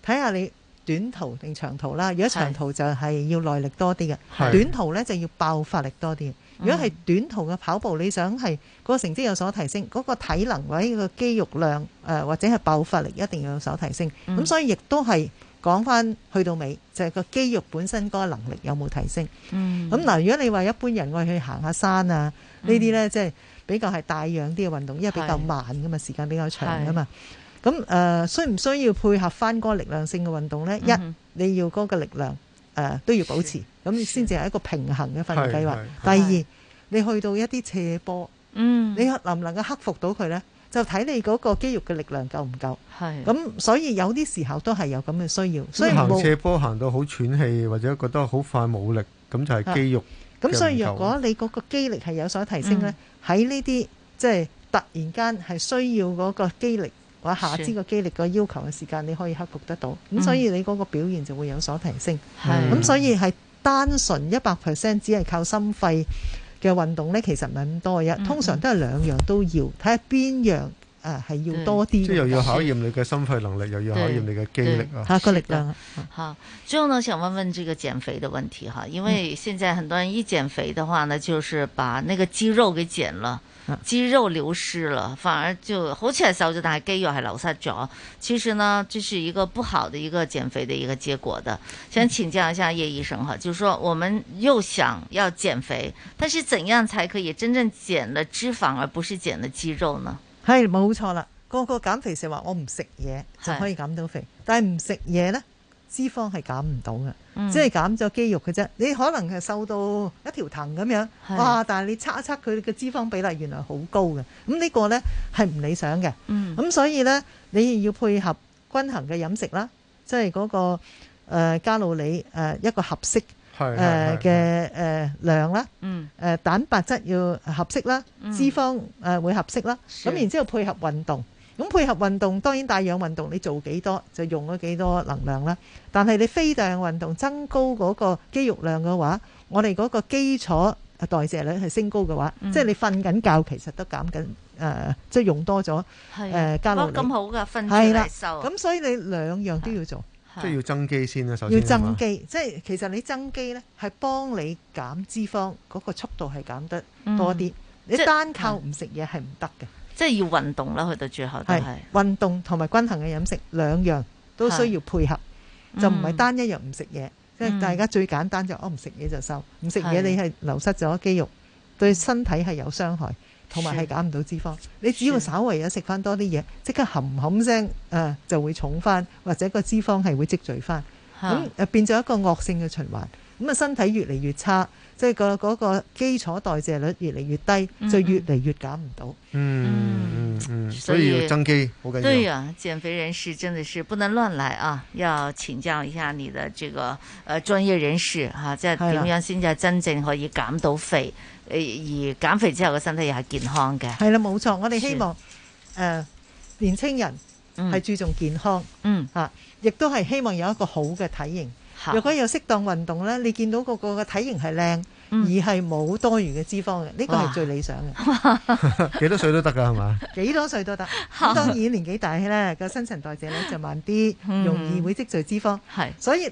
睇下你短途定長途啦，如果長途就係要耐力多啲嘅，短途呢就是要爆發力多啲。如果係短途嘅跑步，你想係嗰個成績有所提升，嗰、那個體能或者個肌肉量誒、呃，或者係爆發力一定要有所提升。咁、嗯、所以亦都係講翻去到尾，就係、是、個肌肉本身嗰個能力有冇提升。咁、嗯、嗱，如果你話一般人愛去行下山啊，呢啲呢，即、嗯、係、就是、比較係帶氧啲嘅運動，因為比較慢噶嘛，時間比較長噶嘛。咁誒、呃，需唔需要配合翻嗰個力量性嘅運動呢？一你要嗰個力量誒、呃、都要保持，咁你先至係一個平衡嘅訓練計劃。第二，你去到一啲斜坡，你能唔能夠克服到佢呢？就睇你嗰個肌肉嘅力量夠唔夠。係咁，所以有啲時候都係有咁嘅需要。所以行斜坡行到好喘氣，或者覺得好快冇力，咁就係肌肉咁。所以，如果你嗰個肌力係有所提升呢，喺呢啲即係突然間係需要嗰個肌力，我下肢個肌力個要求嘅時間，你可以克服得到。咁所以你嗰個表現就會有所提升。係、嗯、咁，所以係單純一百 percent 只係靠心肺嘅運動咧，其實唔係咁多嘅、嗯。通常都係兩樣都要睇下邊樣誒係要多啲。即係又要考驗你嘅心肺能力，又要考驗你嘅肌力啊。哈，個力量，好。最後呢，我想問問這個減肥嘅問題哈，因為現在很多人一減肥嘅話呢，就是把那個肌肉給減了。肌肉流失了，反而就好似係瘦咗，但係肌肉係流失咗。其實呢，這、就是一個不好的一個減肥的一個結果的。想請教一下葉醫生哈，就是說我們又想要減肥，但是怎樣才可以真正減了脂肪而不是減了肌肉呢？係，冇錯啦，個個減肥成話我唔食嘢就可以減到肥，但係唔食嘢咧，脂肪係減唔到嘅。嗯、即係減咗肌肉嘅啫，你可能係瘦到一條藤咁樣，哇！但係你測一測佢嘅脂肪比例，原來好高嘅，咁、這、呢個呢，係唔理想嘅。咁、嗯、所以呢，你要配合均衡嘅飲食啦，即係、那、嗰個、呃、卡路里誒、呃、一個合適誒嘅誒量啦。嗯、呃。蛋白質要合適啦，脂肪誒會合適啦。咁、嗯、然之後配合運動。咁配合運動，當然帶氧運動你做幾多就用咗幾多能量啦。但係你非帶氧運動增高嗰個肌肉量嘅話，我哋嗰個基礎代謝率係升高嘅話，嗯、即係你瞓緊覺其實都減緊誒、呃，即係用多咗誒、呃、加落嚟。咁好噶，瞓著嚟啦，咁所以你兩樣都要做，即係要增肌先啦。首先，要增肌，即係其實你增肌咧係幫你減脂肪嗰、嗰個速度係減得多啲、嗯。你單靠唔食嘢係唔得嘅。是的是的。即係要運動啦，去到最後係。係運動同埋均衡嘅飲食兩樣都需要配合，係嗯、就唔係單一樣唔食嘢。即、嗯、係大家最簡單就我唔食嘢就瘦，唔食嘢，你係流失咗肌肉，對身體係有傷害，同埋係減唔到脂肪。你只要稍微有食翻多啲嘢，即刻冚冚聲誒就會重翻，或者個脂肪係會積聚翻，咁誒變咗一個惡性嘅循環。咁啊身體越嚟越差。即係個嗰個基礎代謝率越嚟越低，就越嚟越減唔到。嗯嗯嗯，所以要增肌好緊要。對啊，減肥人士真的是不能亂來啊！要請教一下你的這個呃專業人士哈，啊、即係點樣先至真正可以減到肥，而、啊、減肥之後嘅身體又係健康嘅。係啦、啊，冇錯。我哋希望誒、呃、年青人係注重健康，嗯嚇、嗯啊，亦都係希望有一個好嘅體型。如果有適當運動咧，你見到個個嘅體型係靚，而係冇多餘嘅脂肪嘅，呢個係最理想嘅。幾哇 多歲都得㗎，係嘛？幾多歲都得。咁 當然年紀大咧，個新陳代謝咧就慢啲，嗯、容易會積聚脂肪。係是，所以。